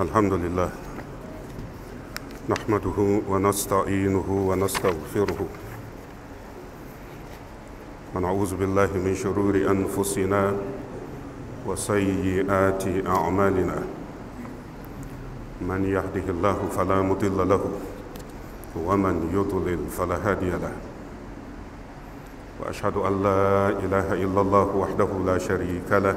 الحمد لله نحمده ونستعينه ونستغفره ونعوذ بالله من شرور انفسنا وسيئات اعمالنا من يهده الله فلا مضل له ومن يضلل فلا هادي له واشهد ان لا اله الا الله وحده لا شريك له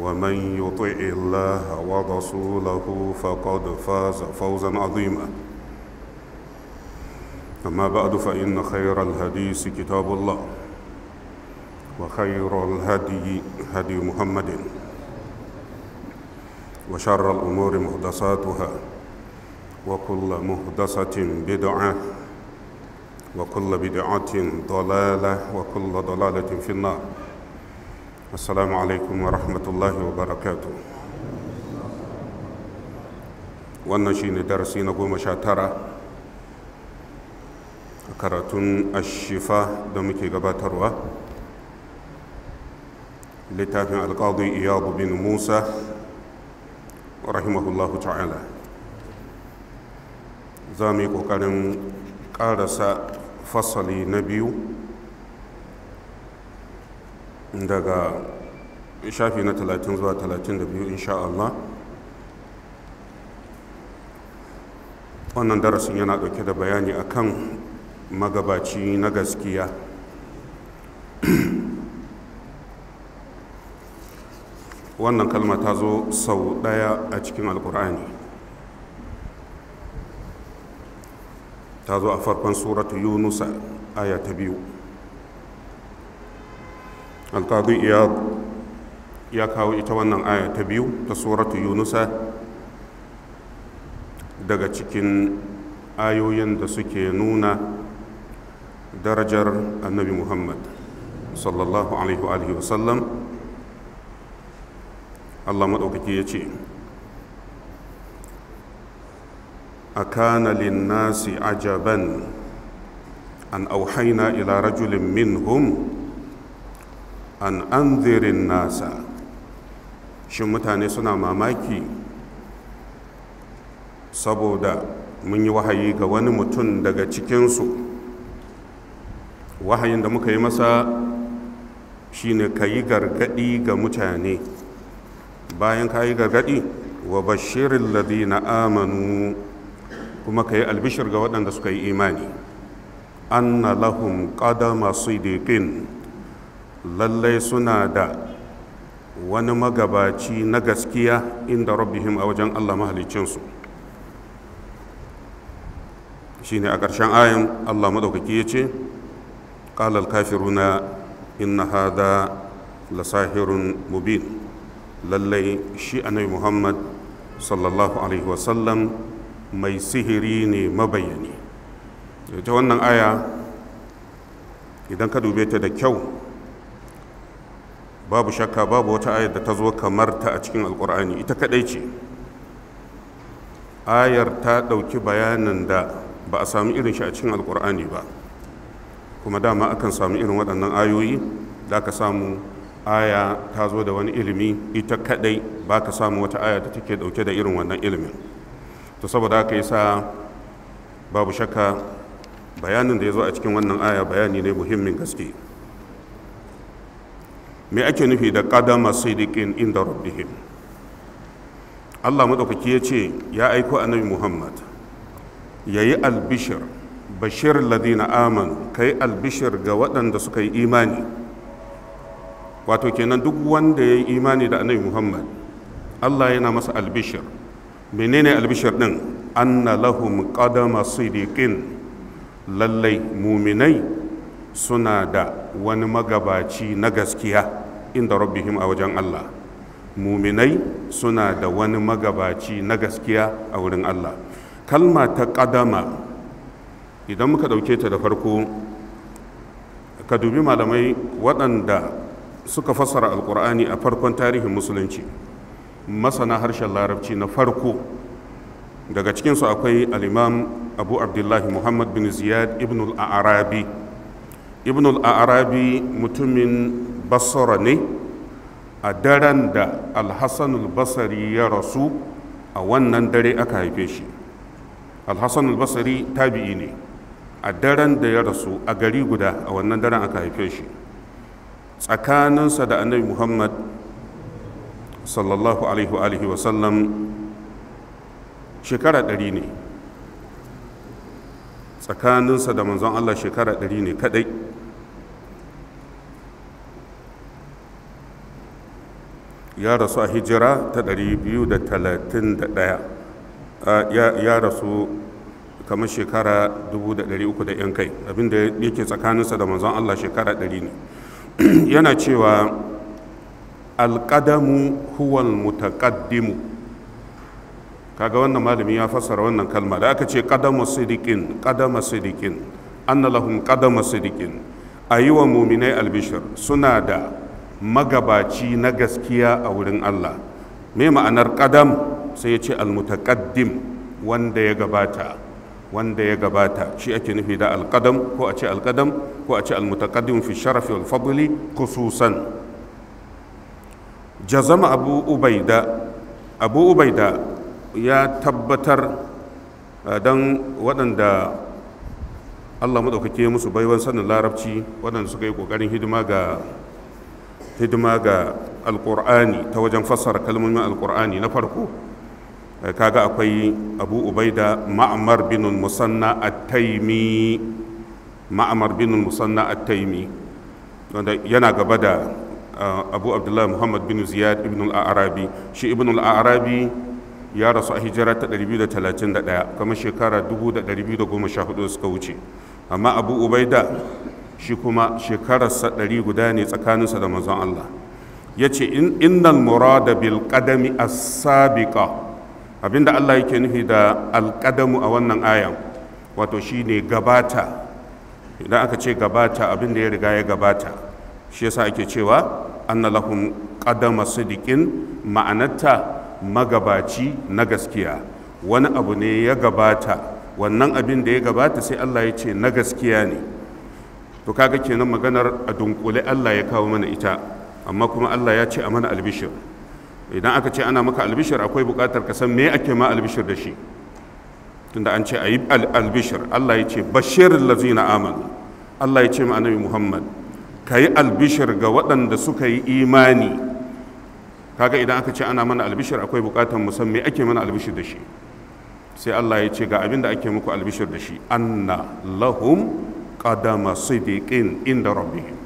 ومن يطع الله ورسوله فقد فاز فوزا عظيما أما بعد فإن خير الحديث كتاب الله وخير الهدي هدي محمد وشر الأمور محدثاتها وكل محدثة بدعة وكل بدعة ضلالة وكل ضلالة في النار السلام عليكم ورحمة الله وبركاته wannan shi ne darasi na goma sha tara a karatun ashifa da muke gabatarwa littafin alƙadu iyagu bin musa rahimahullahu ta'ala za mu yi ƙoƙarin ƙarasa fasali na biyu daga shafi na 30 zuwa 32 insha Allah wannan darasin yana dauke da bayani akan magabaci na gaskiya wannan kalma ta zo sau ɗaya a cikin alkur'ani ta zo a farkon suratu yunusa aya ta biyu alkadu iyad ya kawo ita wannan aya ta biyu ta suratu yunusa daga cikin ayoyin da suke nuna darajar annabi muhammad sallallahu alaihi wa sallam allah maɗaukaki ya ce a kana linnasi ajaban an auhaina ila rajulin minhum an anzirin nasa shin mutane suna mamaki saboda mun yi wahayi ga wani mutum daga cikinsu wahayin da muka yi masa shine ka yi gargaɗi ga mutane bayan ka yi gargaɗi wa bashirin ladina amanu kuma ka yi albishir ga waɗanda suka yi imani An lahun ƙada masu sidiqin lallai suna da wani magabaci na gaskiya inda rabbihim a wajen Allah mahalicinsu shi ne a ƙarshen ayan Allah maɗaukaki ya ce ƙalal kafiruna inna hada lasahirun mubin lallai shi annabi muhammad sallallahu alaihi wasallam mai sihiri ne mabayani ta wannan aya idan ka dube ta da kyau babu shakka babu wata ayar da ta zo kamar ta a cikin alkur'ani ita kadai ce ayar ta ɗauki bayanin da ba a sami irin shi a cikin alkur'ani ba kuma dama akan sami irin waɗannan ayoyi da ka samu aya ta zo da wani ilimi ita kadai ba ka samu wata aya da take ɗauke da irin wannan ilimin to saboda haka yasa babu shakka bayanin da ya zo a cikin wannan aya bayani ne muhimmin gaske me ake nufi da kadama sidiqin inda rabbihim Allah madaukaki ya ce ya aiko annabi Muhammad yayi albishir bashir ladina amanu kai albishir ga waɗanda suka yi imani wato kenan duk wanda ya yi imani da annabi Muhammad Allah yana masa albishir menene albishir din anna lahum qadama sidiqin lallai muminai suna da wani magabaci na gaskiya inda rabbihim a wajen Allah muminai suna da wani magabaci na gaskiya a wurin Allah kalma ta ƙadama idan muka ɗauke ta da farko ka dubi malamai waɗanda suka fassara Alƙur'ani a farkon tarihin musulunci masana harshen larabci na farko daga cikinsu akwai al'imam abu abdullahi muhammad bin ziyad ibn al'arabi ibn al-arabi mutumin basra ne a daren da al-hassan ya rasu a wannan dare aka haife shi al-hassan al-basri tabi'i ne a daren da ya rasu a gari guda a wannan daren aka haife shi tsakaninsa da annabi muhammad sallallahu alaihi wa sallam shekara ɗari ne tsakaninsa da manzon Allah shekara ɗari ne kaɗai ya rasu a hijira ta 231 ya rasu kamar shekara dubu da yan kai abinda yake tsakaninsa da manzon Allah shekara ɗari ne yana cewa alƙadamu huwal mutaƙaddimu kaga wannan malami ya fassara wannan kalma da aka ce qadamu sidikin qadama sidiqin anna lahum qadama sidiqin ayuwa mu'minai albishir suna da magabaci na gaskiya a wurin Allah me ma'anar kadam sai ya ce almutaqaddim wanda ya gabata wanda ya gabata shi ake nufi da alkadam ko a ce alkadam ko a ce almutaqaddim fi sharafi wal fadli khususan jazama abu ubaida abu ubaida ya tabbatar eh, don waɗanda allah maɗaukake musu baiwan sanin larabci waɗanda suka yi ƙoƙarin hidima ga hidima ga alƙur'ani ta wajen fassara kalmomin alƙur'ani na farko eh, kaga akwai abu ubaida ma'amar binin musanna a taimi ma'amar binin musanna a taimi wanda yana gaba da eh, abu abdullahi muhammad bin ziyad ibn al-arabi shi ibn al-arabi ya rasu a hijira ta 231 kamar shekara 2014 suka wuce amma abu ubaida shi kuma shekararsa ɗari guda ne tsakaninsa da mazan Allah ya ce innal murada bil ƙadami a sabiqa abinda Allah yake nufi da alƙadamu a wannan ayan wato shi ne gabata idan aka ce gabata abinda ya riga ya gabata shi yasa ake cewa anna lahum qadama sidiqin ma'anarta magabaci na gaskiya wani abu ne ya gabata wannan abin da ya gabata sai Allah ya ce na gaskiya ne to kaga kenan maganar a dunkule Allah ya kawo mana ita amma kuma Allah ya ce a mana albishir idan aka ce ana maka albishir akwai bukatar ka san me ake ma albishir da shi tunda an ce a yi albishir Allah ya ce bashir lazina amanu Allah ya ce ma annabi Muhammad ka yi albishir ga waɗanda suka yi imani kaga idan aka ce ana mana albishir akwai bukatar musamman ake mana albishir da shi sai Allah ya ce ga abin da ake muku albishir da shi anna lahum qadama sidiqin inda rabbihim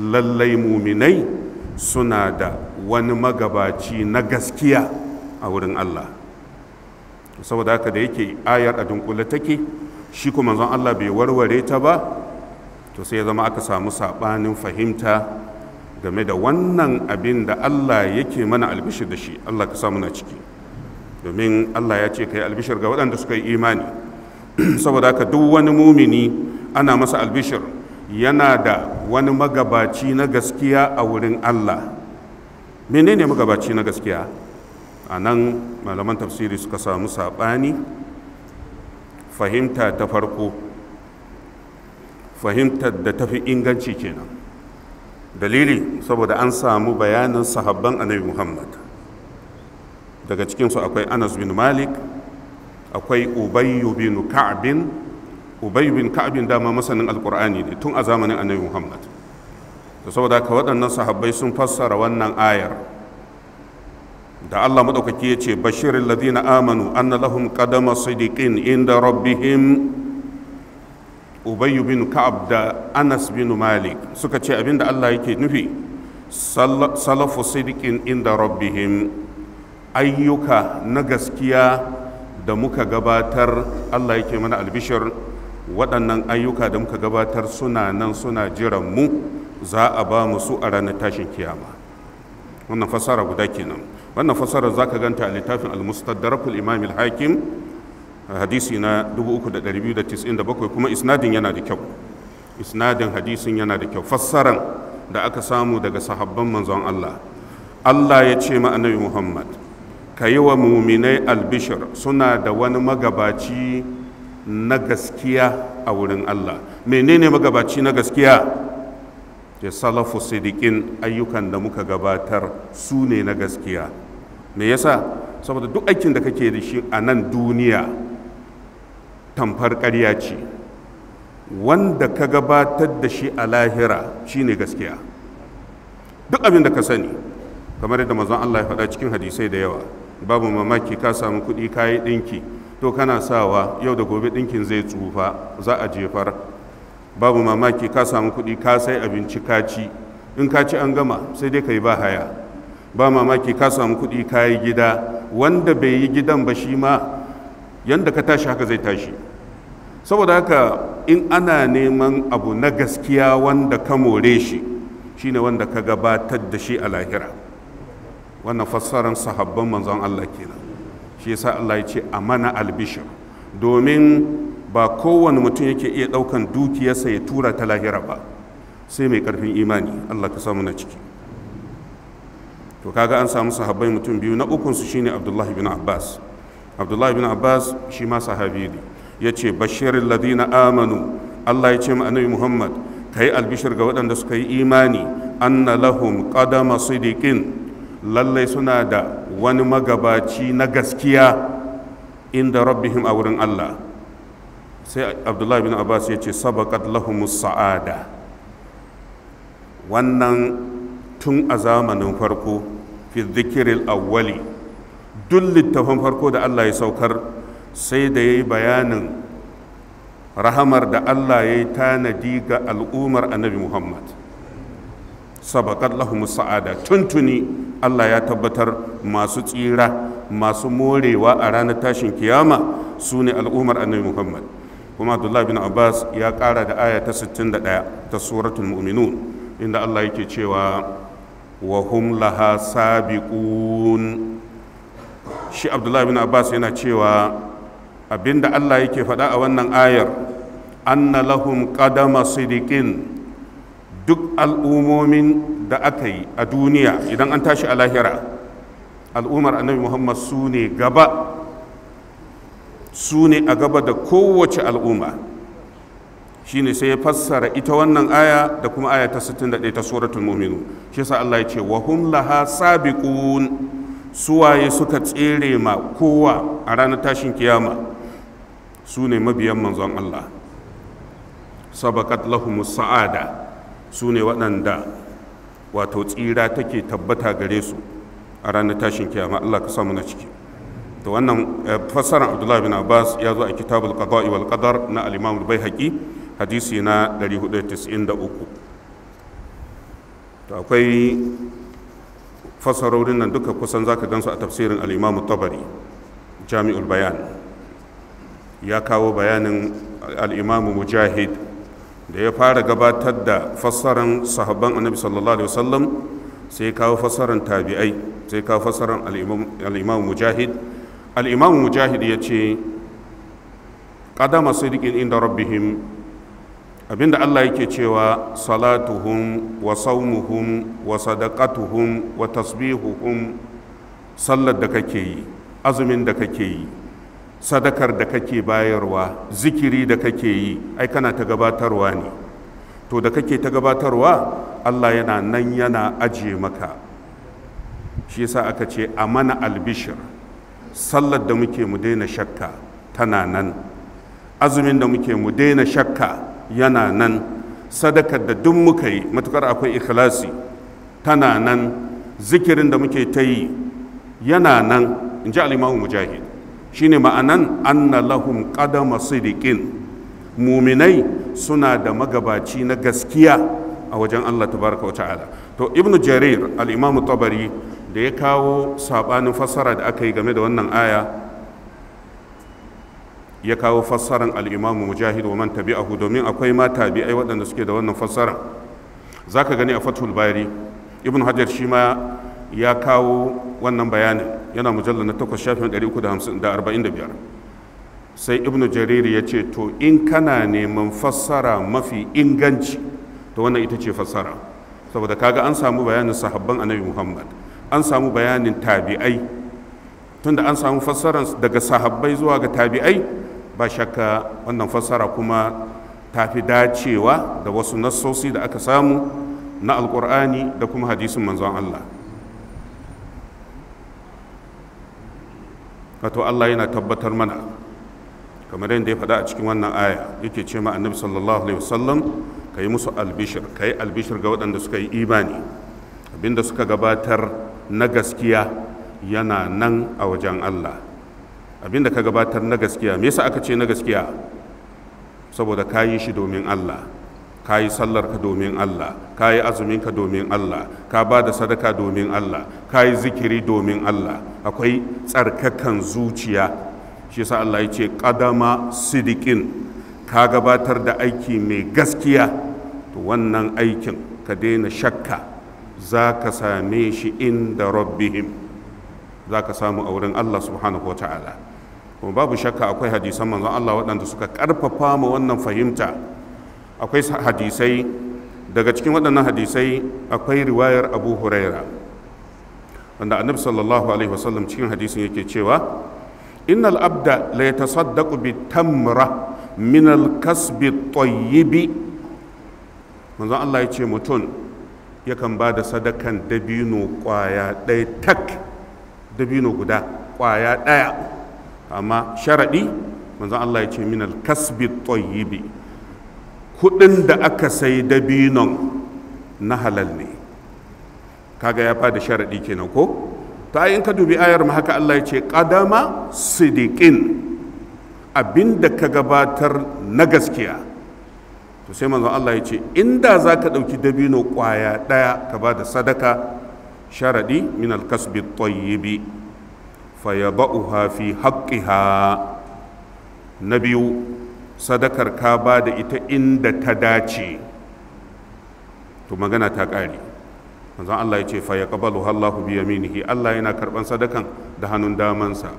lallai muminai suna da wani magabaci na gaskiya a wurin Allah saboda haka da yake ayar a dunkule take shi kuma manzon Allah bai warware ta ba to sai ya zama aka samu sabanin fahimta game da wannan abin da Allah yake mana albishir da shi Allah ka samu na ciki domin Allah ya ce ka yi albishir ga waɗanda suka yi imani saboda haka duk wani mumini ana masa albishir yana da wani magabaci na gaskiya a wurin Allah menene magabaci na gaskiya a nan malaman tafsiri suka samu saɓani fahimta ta farko fahimtar da tafi inganci kenan dalili saboda an samu bayanin sahabban annabi muhammad daga cikinsu akwai anas bin malik akwai ubayyu bin ka'bin ubayyu bin ka'bin dama masanin alkur'ani ne tun a zamanin annabi muhammad da saboda ka waɗannan sahabbai sun fassara wannan ayar da allah maɗaukaki ya ce bashirin ladina amanu anna lahum qadama sidiqin inda rabbihim ubayyu bin ka'ab da anas bin malik suka ce abinda allah yake nufi salafu sidikin inda rabbihim ayyuka na gaskiya da muka gabatar allah yake mana albishir waɗannan ayyuka da muka gabatar suna nan suna jiran mu za a ba mu su a ranar tashin kiyama wannan fasara guda kenan wannan fasara za ka ganta a littafin al-mustadrakul imam al-hakim hadisi na 3297 kuma isnadin yana da kyau isnadin hadisin yana da kyau fassaran da aka samu daga sahabban manzon Allah Allah ya ce ma annabi Muhammad ka yi wa muminai albishir suna da wani magabaci na gaskiya a wurin Allah menene magabaci na gaskiya ya salafu sidikin ayyukan da muka gabatar su ne na gaskiya me yasa saboda duk aikin da kake da shi a nan duniya tamfar ƙarya ce wanda ka gabatar da shi a lahira shine gaskiya duk abin da ka sani kamar yadda mazan Allah ya faɗa cikin hadisai da yawa babu mamaki ka samu kuɗi ka yi ɗinki to kana sawa yau da gobe ɗinkin zai tsufa za a jefar babu mamaki ka samu kuɗi ka sai abinci ka ci in ka ci an gama sai dai ka yi ba haya ba mamaki ka samu kuɗi ka yi gida wanda bai yi gidan ba shi ma yanda ka tashi haka zai tashi saboda haka in ana neman abu na gaskiya wanda ka more shi shine wanda ka gabatar da shi a lahira wannan fassarar sahabban manzon Allah kenan shi yasa Allah ya ce amana albishir domin ba kowane mutum yake iya daukan dukiyarsa ya tura ta lahira ba sai mai karfin imani Allah ka samu na ciki to kaga an samu sahabbai mutum biyu na ukunsu shine Abdullahi bin Abbas abdullahi bin abbas shi ma sahabi ne ya ce bashirin ladina amanu allah ya ce ma annabi muhammad ka yi albishir ga waɗanda suka yi imani anna lahum qadama sidiqin lallai suna da wani magabaci na gaskiya inda rabbihim a wurin allah sai abdullahi bin abbas ya ce sabakat lahum sa'ada wannan tun a zamanin farko fi awali. awwali duk littafin farko da Allah ya saukar sai da ya yi bayanin rahamar da Allah ya yi tanadi ga al'ummar annabi Muhammad sabaƙar lahumus sa'ada tuntuni Allah ya tabbatar masu tsira masu morewa a ranar tashin kiyama su ne al'ummar annabi Muhammad kuma Abdullah bin Abbas ya ƙara da aya ta 61 ta suratul mu'minun inda Allah yake cewa wa hum laha sabiqun shi abdullahi bin abbas yana cewa abinda allah yake faɗa a wannan ayar anna lahum qadama sidiqin duk al'umomin da aka yi a duniya idan an tashi a lahira al'ummar annabi muhammad su ne gaba su ne a gaba da kowace al'umma shi ne sai ya fassara ita wannan aya da kuma aya ta 61 ta suratul muminu, shi yasa Allah ya ce wa hum laha sabiqun suwaye suka tsere ma kowa a ranar tashin kiyama su ne mabiyan manzon Allah sabakat lahumu sa'ada su ne waɗanda wato tsira take tabbata gare su a ranar tashin kiyama Allah ka samu na ciki to wannan eh, fassarar abdullahi bin Abbas ya zo a kitabul qada'i wal qadar na al-Imam al-Baihaqi hadisi na 493 to akwai fasarorin nan duka kusan za ka gansu a tafsirin al'imamu tabari jami'ul bayan ya kawo bayanin al'imamu mujahid da ya fara gabatar da fassaran sahabban annabi sallallahu alaihi wasallam sai kawo fassaran tabi'ai sai kawo fassaran al'imamu mujahid al'imamu mujahid ya ce ƙadama sirikin inda rabbihim abinda Allah yake cewa salatuhum wa saumuhum wa sadaqatuhum wa tasbihuhum sallar da kake yi azumin da kake yi sadakar da kake bayarwa zikiri da kake yi ai kana ta gabatarwa ne to da kake ta gabatarwa Allah yana nan yana aje maka shi yasa aka ce a mana albishir sallar da muke mu daina shakka tana nan azumin da muke mu daina shakka yana nan sadakar da duk muka yi matukar akwai ikhlasi tana nan zikirin da muke ta yi yana nan in ji alimahu mujahid shine ma'anan anna lahum qadama sidiqin muminai suna da magabaci na gaskiya a wajen Allah tabaraka wa ta'ala to Ibn jarir al-imamu tabari da ya kawo sabanin fassara da aka yi game da wannan aya ya kawo fassaran al'imamu mujahid wa man tabi'ahu domin akwai ma tabi'ai waɗanda suke da wannan fassaran za ka gani a fathul bari ibn hajar shi ma ya kawo wannan bayanin yana mujalla na 8 shafin sai ibn jariri ya ce to in kana neman fassara mafi inganci to wannan ita ce fassara saboda kaga an samu bayanin sahabban annabi muhammad an samu bayanin tabi'ai tunda an samu fassaran daga sahabbai zuwa ga tabi'ai ba shakka wannan fassara kuma ta fi dacewa da wasu nassosi da aka samu na alkur'ani da kuma hadisin manzon Allah wato Allah yana tabbatar mana kamar yadda ya faɗa a cikin wannan aya yake ce ma annabi sallallahu alaihi wasallam ka yi musu albishir ka yi albishir ga waɗanda suka yi imani abinda suka gabatar na gaskiya yana nan a wajen Allah Abin da ka gabatar na gaskiya me yasa aka ce na gaskiya saboda ka yi shi domin Allah ka yi ka domin Allah ka yi ka domin Allah ka ba da sadaka domin Allah ka yi zikiri domin Allah akwai tsarkakan zuciya shi yasa Allah ya ce kadama sidikin ka gabatar da aiki mai gaskiya to wannan aikin ka daina shakka za ka same shi inda rabbihim za ka samu a wurin Allah subhanahu wa ta'ala kuma babu shakka akwai hadisan manzon Allah waɗanda suka ƙarfafa ma wannan fahimta akwai hadisai daga cikin waɗannan hadisai akwai riwayar abu huraira wanda annabi sallallahu alaihi wasallam cikin hadisin yake cewa innal abda la yatasaddaqu bi tamra min al kasbi tayyibi manzon Allah ya ce mutum yakan ba da sadakan dabino kwaya ɗaya tak dabino guda kwaya ɗaya amma sharaɗi manzon Allah ya ce minal kasbi tsoyibi kuɗin da aka sai dabinon na halal ne kaga ya fada sharaɗi kenan ko ta in ka dubi ayar ma haka Allah ya ce qadama abin abinda ka gabatar na gaskiya to sai manzon Allah ya ce inda za ka ɗauki dabino ƙwaya ɗaya ka ba da sadaka sharaɗi minal kasbi tsoyibi. fayaba'uha fi haqqiha na biyu sadakar ka ba da ita inda ta dace to magana ta ƙare manzon Allah ya ce fa yaqbalu Allahu bi yaminihi Allah yana karban sadakan da hannun damansa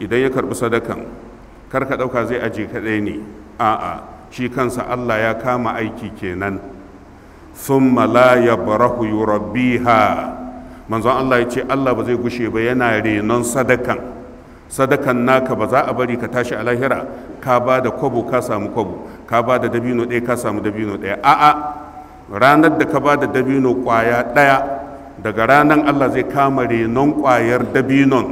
idan ya karbi sadakan kar ka dauka zai aje kadai ne a'a shi kansa Allah ya kama aiki kenan thumma la yabrahu yurabbiha manzon Allah ya ce Allah ba zai gushe ba yana renon sadakan sadakan naka ba za a bari ka tashi a lahira ka ba da kwabo ka samu kwabo ka ba da dabino ɗaya ka samu dabino ɗaya a'a ranar da ka ba da dabino ƙwaya ɗaya daga ranar Allah zai kama renon kwayar dabinon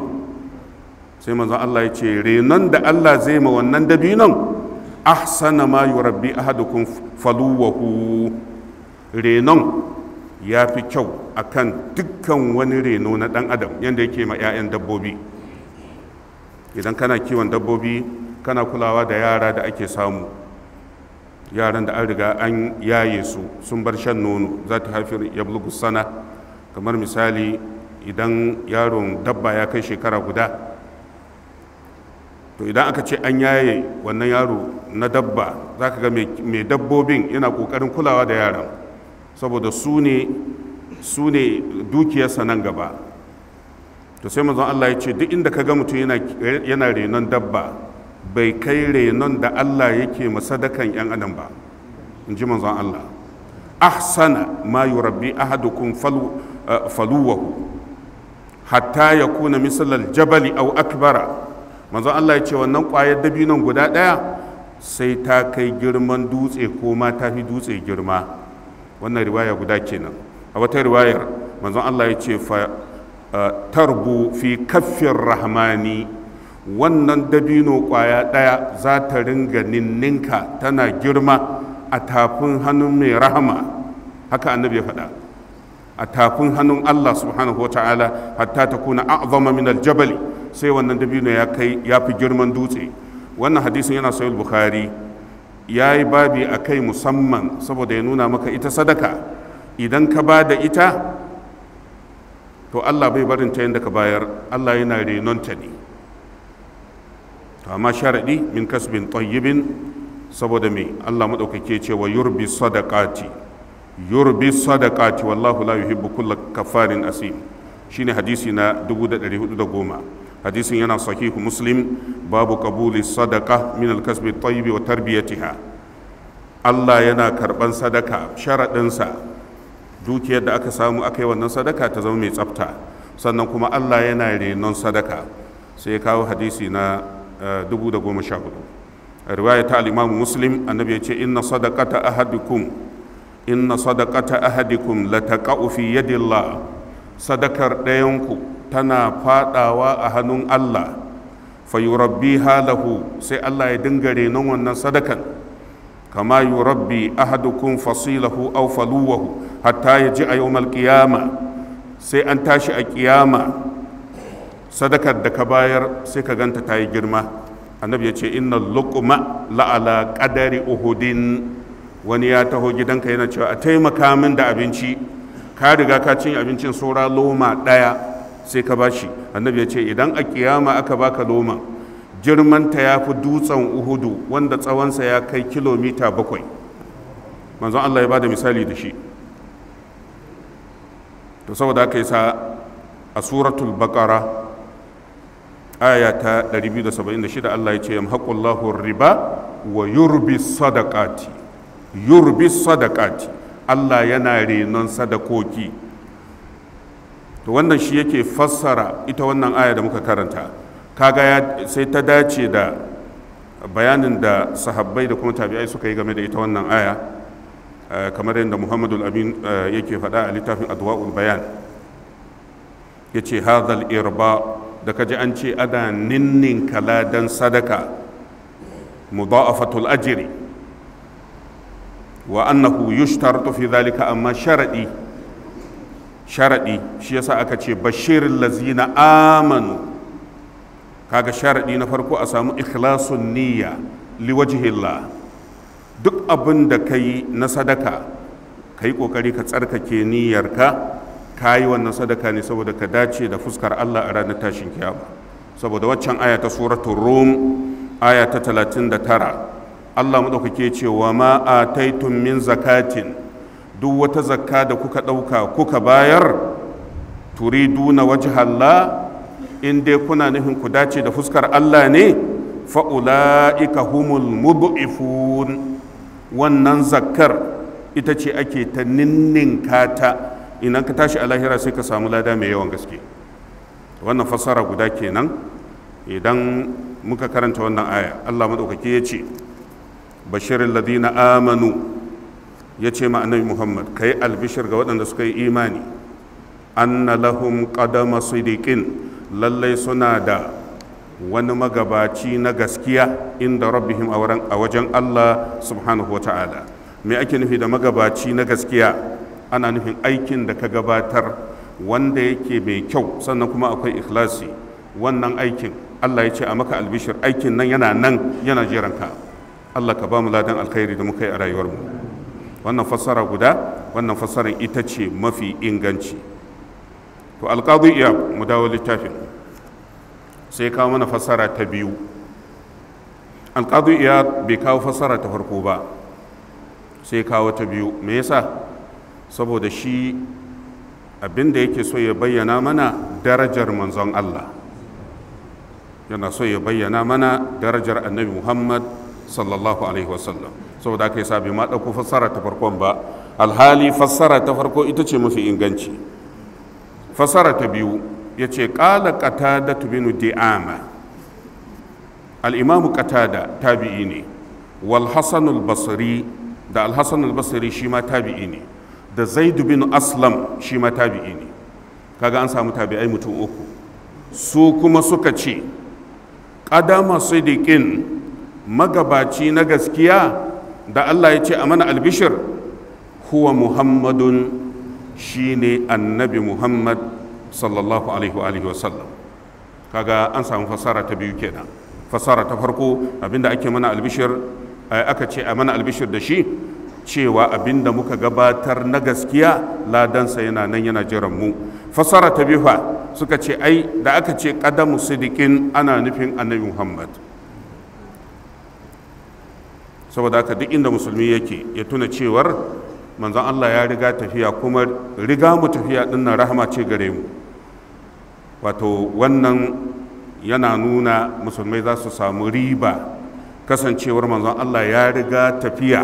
sai manzon Allah ya ce renon da Allah zai ma wannan dabinon ahsana ma yurabbi ahadukum faluwahu renon ya fi kyau a kan dukkan wani reno na ɗan adam yadda yake ma 'ya'yan dabbobi idan kana kiwon dabbobi kana kulawa da yara da ake samu yaran da an riga an yaye su sun bar shan nono za ta haifi ya sana kamar misali idan yaron dabba ya kai shekara guda to idan aka ce an yaye wannan yaro na dabba za ka ga mai dabbobin yana ƙoƙarin kulawa da yaran saboda su ne dukiyarsa nan gaba to sai manzon Allah ya ce duk inda ka ga mutum yana renon dabba bai kai renon da Allah yake masadakan 'yan adam ba in ji manzon Allah ahsana ma yurabbi ahadukum eh, faluwahu hatta ya kuna misalar jabali au akbara manzon Allah ya ce wannan kwayar dabinon guda ɗaya sai ta kai girman dutse ko ma ta fi dutse girma wannan riwaya guda kenan a wata riwayar manzon Allah ya ce fa tarbu fi kaffin rahmani wannan dabino kwaya daya za ta ringa ninninka tana girma a tafin hannun mai rahama haka annabi ya faɗa a tafin hannun Allah subhanahu wa ta'ala hatta ta kuna a'zama min aljabali sai wannan dabino ya kai ya fi girman dutse wannan hadisin yana sahih bukhari ya yi babi a kai musamman saboda ya nuna maka ita sadaka idan ka ba da ita to allah bai barin ta yadda ka bayar allah yana renonta ne to amma sharaɗi min kasbin tayyibin saboda mai allah maɗaukake cewa yurbi sadakati yurbi sadakati wallahu la yuhibbu kulla kafarin asim shine hadisi na 1410 hadisin yana sahihu muslim babu kabuli sadaka min alkasbi tayyibi wa tarbiyatiha Allah yana karban sadaka sharaɗinsa dukiyar da aka samu aka yi wannan sadaka ta zama mai tsafta sannan kuma Allah yana renon sadaka sai ya kawo hadisi na 1014 eh, riwaya ta al-Imam Muslim annabi ya ce inna sadaqata ahadikum inna sadaqata ahadikum lataqa'u fi yadillah sadakar ɗayanku tana fadawa a hannun Allah fa halahu sai Allah ya dinga renon wannan sadakan kama yurabbi ahadukum fasilahu aw faluwahu hatta yaji a yawmal qiyama sai an tashi a kiyama sadakar da ka bayar sai ka ganta ta yi girma annabi ya ce inna luqma la'ala qadari uhudin wani ya taho gidanka yana cewa a taimaka min da abinci ka riga ka cin abincin saura loma ɗaya sai ka bashi annabi ya ce idan a kiyama aka baka loma girmanta ya fi dutsen uhudu wanda tsawonsa ya kai kilomita bakwai manzon allah ya bada misali da shi to saboda aka yi sa a suratul bakara aya ta 276 allah ya ce yamhaqullahu riba wa yurbi sadaqati yurbi sadaqati allah yana renon sadakoki to wannan shi yake fassara ita wannan aya da muka karanta kaga sai ta dace da bayanin da sahabbai da kuma tabi'ai suka yi game da ita wannan aya eh, kamar yadda muhammadu amin eh, yake faɗa a littafin adwa'ul bayan ya ce hadhal irba da kaji an ce ada ninnin kaladan sadaka mudha'afatul ajri wa annahu yushtaratu fi dhalika amma sharadi sharaɗi shi yasa aka ce bashirin lazina amanu kaga sharaɗi na farko a samu ikhlasun niyya liwajihillah duk abin da ka yi na sadaka ka yi ƙoƙari ka tsarkake niyyarka ka yi wannan sadaka ne saboda ka dace da fuskar Allah a ranar tashin kiyama saboda waccan aya ta suratul rum aya ta 39 Allah madaukake cewa ma a taitun min zakatin duk wata zakka da kuka ɗauka kuka bayar turi waje halla in dai kuna nufin ku dace da fuskar Allah ne fa'ula'ika humul mubu'ifun wannan zakkar ita ce ake ta ninninka ta ina ka tashi a lahira sai ka samu lada mai yawan gaske wannan fassara guda kenan idan muka karanta wannan aya Allah maɗaukaki ya ce bashirin ladina amanu ya ce ma annabi muhammad ka yi albishir ga waɗanda suka yi imani an lahum qadama sidikin lallai suna da wani magabaci na gaskiya inda rabbihim a wajen allah subhanahu wa ta'ala me ake nufi da magabaci na gaskiya ana nufin aikin da ka gabatar wanda yake mai kyau sannan kuma akwai ikhlasi wannan aikin allah ya ce a maka albishir aikin nan yana nan yana jiranka allah ka ba mu ladan alkhairi da muka yi a rayuwarmu wannan fassara guda wannan fassarar ita ce mafi inganci to alƙadu iya mu dawo littafin sai kawo mana fassara ta biyu alƙadu iya bai kawo fassara ta farko ba sai kawo ta biyu me yasa saboda shi abin da yake so ya bayyana mana darajar manzon Allah yana so ya bayyana mana darajar annabi Muhammad sallallahu alaihi wasallam saboda aka yasa bai ma ɗauko fassara ta farkon ba alhali fassara ta farko ita ce mafi inganci fassara ta biyu ya ce ƙala qatada di'ama al'imamu imamu qatada tabi'i ne wal basri da al basri shi ma tabi'i ne da zaid bin aslam shi ma tabi'i ne kaga an samu tabi'ai mutum uku su kuma suka ce qadama sidiƙin magabaci na gaskiya da Allah ya ce a mana albishir huwa muhammadun shine annabi muhammad sallallahu alaihi wa sallam kaga an samu fasara ta biyu kenan fasara ta farko abinda ake mana albishir aka ce a mana albishir da shi cewa abinda muka gabatar na gaskiya ladansa yana nan yana jiran mu fasara ta biyu fa suka ce ai da aka ce qadamu sidiqin ana nufin annabi muhammad saboda haka duk inda musulmi yake ya tuna cewar manzon Allah ya riga tafiya kuma riga mu tafiya dinnan rahama ce gare mu wato wannan yana nuna musulmai za su samu riba kasancewar manzon Allah ya riga tafiya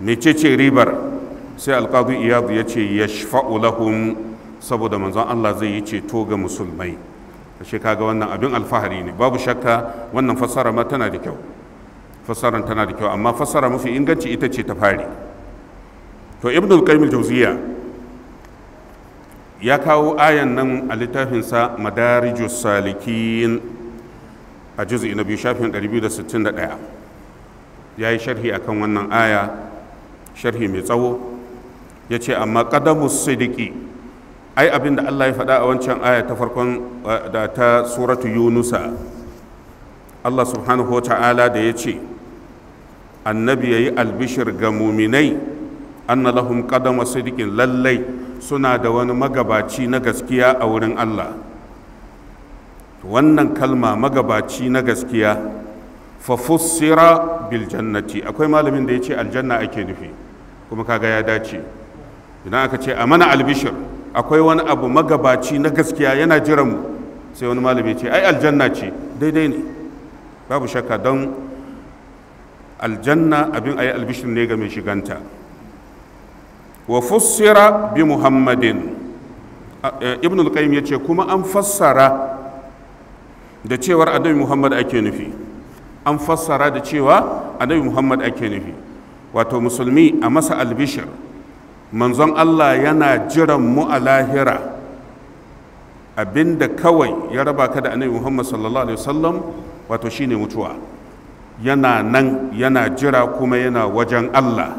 mecece ribar sai alƙadu iyadu ya ce ya lahum saboda manzon Allah zai yi ceto ga musulmai shi kaga wannan abin alfahari ne babu shakka wannan fassara ma tana da kyau fassarar tana da kyau amma fassara mafi inganci ita ce ta fari to ibnul qayyim jawziya ya kawo ayan nan a littafinsa madarijus salikin a juz'i na biyu shafin 261 ya yi sharhi akan wannan aya sharhi mai tsawo ya ce amma ƙadamus sidiki ai abin da allah ya faɗa a wancan aya ta farkon eh, da ta suratu yunusa allah subhanahu wa ta'ala da ya ce annabi ya yi albishir ga muminai anna lahum qadama sidikin lallai suna da wani magabaci na gaskiya a wurin Allah wannan kalma magabaci na gaskiya fa bil jannati akwai malamin da ya ce aljanna ake nufi kuma kaga ya dace idan aka ce a mana albishir akwai wani abu magabaci na gaskiya yana jiran mu sai wani malami ce ai aljanna ce daidai ne babu shakka don aljanna abin a yi albishir ne ga mai shiganta wa fussira bi muhammadin e, ibn al-qayyim ce kuma an fassara da cewar annabi muhammad ake nufi an fassara da cewa annabi muhammad ake nufi wato musulmi a masa albishir manzon allah yana jiran mu a lahira abinda kawai ya raba ka da annabi muhammad sallallahu alaihi wasallam wato shine mutuwa yana nan yana jira kuma yana wajen Allah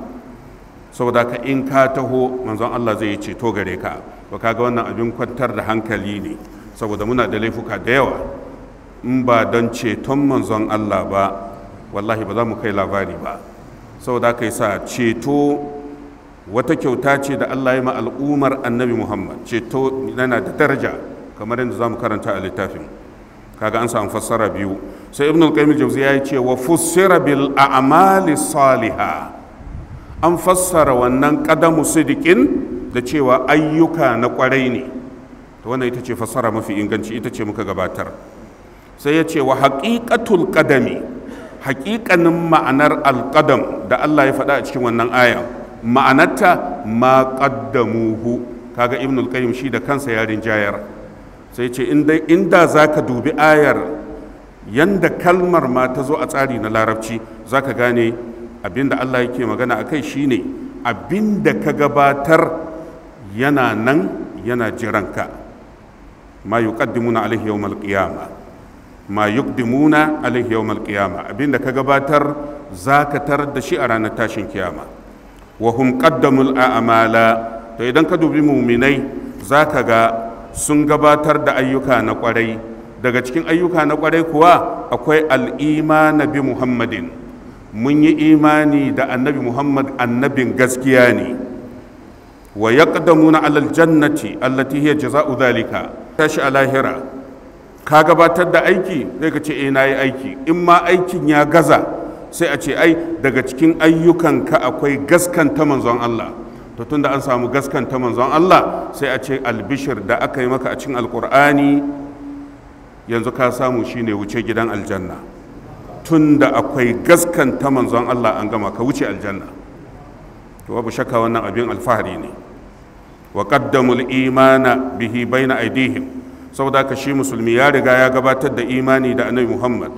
saboda ka in ka taho manzon Allah zai ceto gare ka ba kaga wannan abin kwantar da hankali ne saboda muna da laifuka da yawa in ba don ceton manzon Allah ba wallahi ba za mu kai labari ba saboda ka sa ceto wata kyauta ce da Allah ya ma al'ummar annabi Muhammad ceto yana da daraja kamar yadda za mu karanta a littafin kaga an samu fassara biyu sai ibnul qayyim ya ce wa fussira bil a'mali saliha an fassara wannan qadamu sidiqin da cewa ayyuka na kwarai ne to wannan ita ce fassara mafi inganci ita ce muka gabatar sai ya ce wa haqiqatul qadami haƙiƙanin ma'anar alƙadam da Allah ya faɗa a cikin wannan aya ma'anarta ma qaddamuhu kaga ibn qayyim shi da kansa ya rinjayar sai ce inda zaka dubi ayar yanda kalmar ma ta zo a tsari na larabci za ka gane abinda allah yake magana a kai shi shine abinda ka gabatar yana nan yana jiranka ma yuqaddimuna alaihi yawmal qiyama ma yuqdimuna alaihi yawmal qiyama abinda ka gabatar za ka tar da shi a ranar tashin kiyama wa hum qaddamul a'mala to idan ka dubi muminai za ka ga sun gabatar da ayyuka na kwarai daga cikin ayyuka na kwarai kuwa akwai al'imana bi muhammadin mun yi imani da annabi muhammad annabin gaskiya ne wa yaqdamuna alal jannati allati hiya jaza'u dhalika tashi a lahira ka gabatar da aiki sai ka ce eh, na nayi aiki in ma aikin ya gaza sai a ce ai daga cikin ayyukanka akwai gaskanta manzon Allah to tunda an samu gaskanta manzon Allah sai a ce albishir da aka yi maka a cikin alqur'ani yanzu ka samu shine wuce gidan aljanna tun da akwai gaskanta manzon Allah an gama ka wuce aljanna to babu shakka wannan abin alfahari ne wa qaddamul imana bihi baina aidihim saboda ka shi musulmi ya riga ya gabatar da imani da annabi Muhammad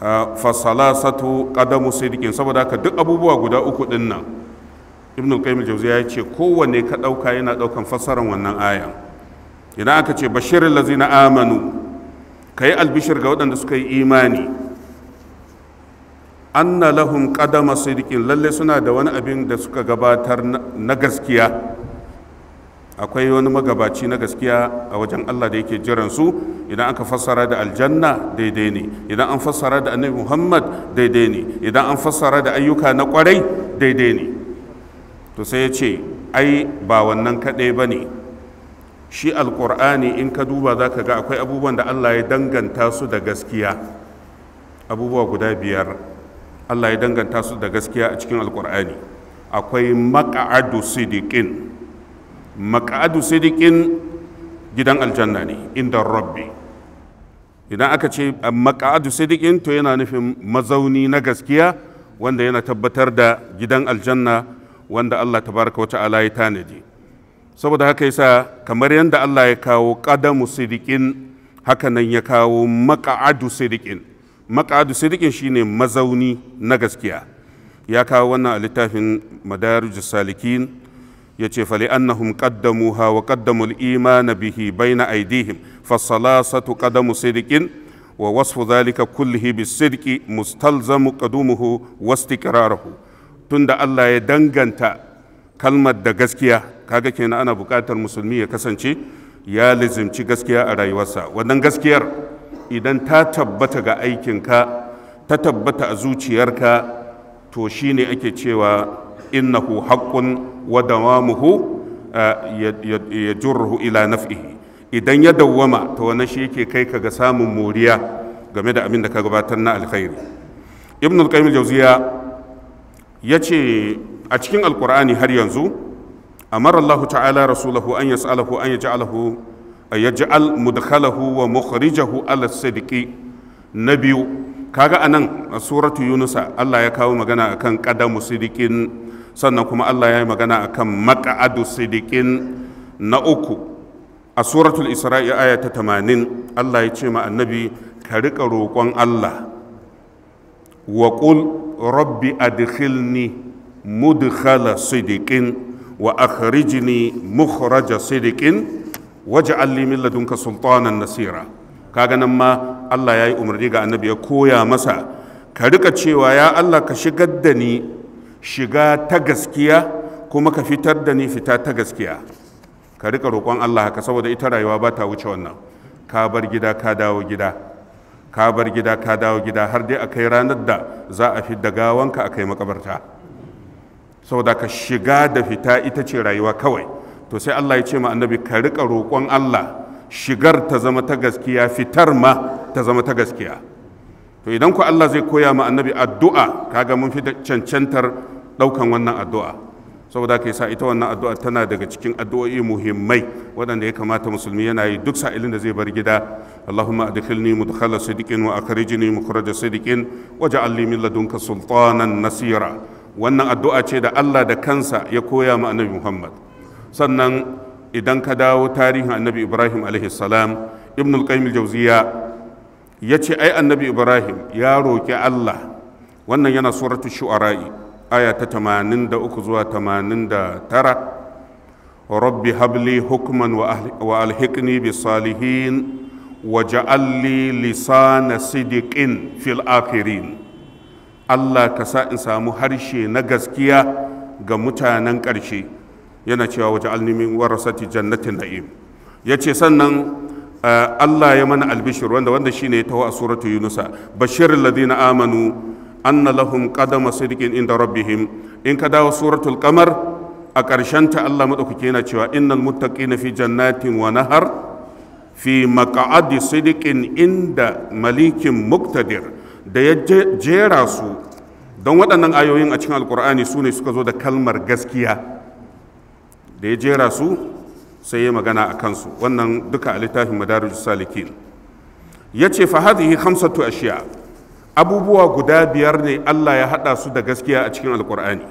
ah, fa salasatu qadamu sidqin saboda ka duk abubuwa guda uku din ibnu qayyim jawziya ya ce kowanne ka dauka yana daukan fassarar wannan ayan idan aka ce bashirin na amanu ka yi albishir ga waɗanda suka yi imani anna lahun ƙadama sirikin lalle suna da wani abin da suka gabatar na gaskiya akwai wani magabaci na gaskiya a wajen Allah da yake jiran su idan aka fassara da aljanna daidai ne idan an fassara da annabi Muhammad daidai ne idan an fassara da ayyuka na kwarai daidai ne to sai ya ce ai ba wannan kaɗai ba ne shi alkur'ani in ka duba za ka ga akwai abubuwan da allah ya danganta su da gaskiya abubuwa guda biyar allah ya danganta su da gaskiya a cikin alkur'ani akwai maka'adu sidikin maka'adu sidikin gidan aljanna ne inda rabbi idan aka ce maka'adu sidikin to yana nufin mazauni na gaskiya wanda yana tabbatar da gidan aljanna wanda allah tabaraka wata ala ya tanadi saboda haka yasa kamar yadda Allah ya kawo ƙadamu sidiqin haka nan ya kawo maq'adu sidiqin maq'adu sidiqin shine mazauni na gaskiya ya kawo wannan a littafin madarijus salikin ya ce fali annahum qaddamuha wa qaddamu al bihi bai na aydihim fasalasatu qadamu sidiqin wa wasfu zalika kullihi bisidqi mustalzamu qadumuhu wastiqraruhu tunda Allah ya danganta kalmar da gaskiya kaga kenan ana buƙatar musulmi ya kasance ya lizimci gaskiya a rayuwarsa wannan gaskiyar idan ta tabbata ga aikinka ta tabbata a zuciyarka to shine ake cewa innahu haqqun wa dawamuhu eh, ya jurruhu ila naf'ihi idan ya dawwama to wannan shi yake kai ka ga samun moriya game da abin da ka gabatar na alkhairi ibn al-qayyim al-jawziya yace a cikin alkur'ani har yanzu amara Allah ta'ala rasulahu an yas'alahu an yaj'alahu yaj'al mudkhalahu wa mukhrijahu ala sadiqi na biyu kaga anan a suratu yunusa Allah ya kawo magana akan qadamu sidiqin sannan kuma Allah ya yi magana akan maq'adu sidiqin na uku a suratul isra'i aya ta 80 Allah ya ce ma annabi ka riƙa roƙon Allah wa qul rabbi adkhilni mudkhala sidiqin wa akhrijni mukhraja sidiqin waj'al alli min ladunka sultanan nasira kaga nan ma Allah ya yi umarni ga annabi ya koya masa ka rika cewa ya Allah ka shigar da ni shiga ta gaskiya kuma ka fitar da ni fita ta gaskiya ka rika roƙon Allah haka saboda ita rayuwa ba ta wuce wannan ka bar gida ka dawo gida ka bar gida ka dawo gida har dai a kai ranar da za a fi da gawanka a kai makabarta saboda ka shiga da fita ita ce rayuwa kawai to sai Allah ya ce ma annabi ka rika roƙon Allah shigar ta zama ta gaskiya fitar ma ta zama ta gaskiya to idan ku Allah zai koya ma annabi addu'a kaga mun fi cancantar ɗaukan wannan addu'a saboda ka sa ita wannan addu'a tana daga cikin addu'o'i muhimmai waɗanda ya kamata musulmi yana yi duk sa'ilin da zai bar gida Allahumma adkhilni mudkhala sidiqin wa akhrijni mukhraja sidiqin waj'al li min ladunka sultanan nasira wannan addu'a ce da Allah da kansa ya koya ma annabi Muhammad sannan idan ka dawo tarihin annabi Ibrahim salam ibn al-qayyim ya ce ai annabi Ibrahim ya roki Allah wannan yana suratu shu'ara'i aya ta 83 zuwa 89 rabbi habli hukman wa alhikni bi salihin wa ja'alli lisana sidiqin fil akhirin Allah ka sa in samu harshe na gaskiya ga mutanen ƙarshe yana cewa waje alnimin warasati jannatin na'im ya ce sannan eh, Allah ya mana albishir wanda wanda shine ya taho a suratu yunusa bashirul ladina amanu anna lahum qadama sidqin inda rabbihim in ka dawo suratul qamar a ƙarshenta Allah madaukake yana cewa innal muttaqina fi jannatin wa nahar fi maq'adi sidqin inda malikin muktadir da ya jera su don waɗannan ayoyin a cikin alkur'ani su ne suka zo da kalmar gaskiya da ya jera su sai ya magana a kansu wannan duka a littafin madarijus salikin ya ce fa hadhihi ashiya abubuwa guda biyar ne Allah ya haɗa su da gaskiya a cikin alkur'ani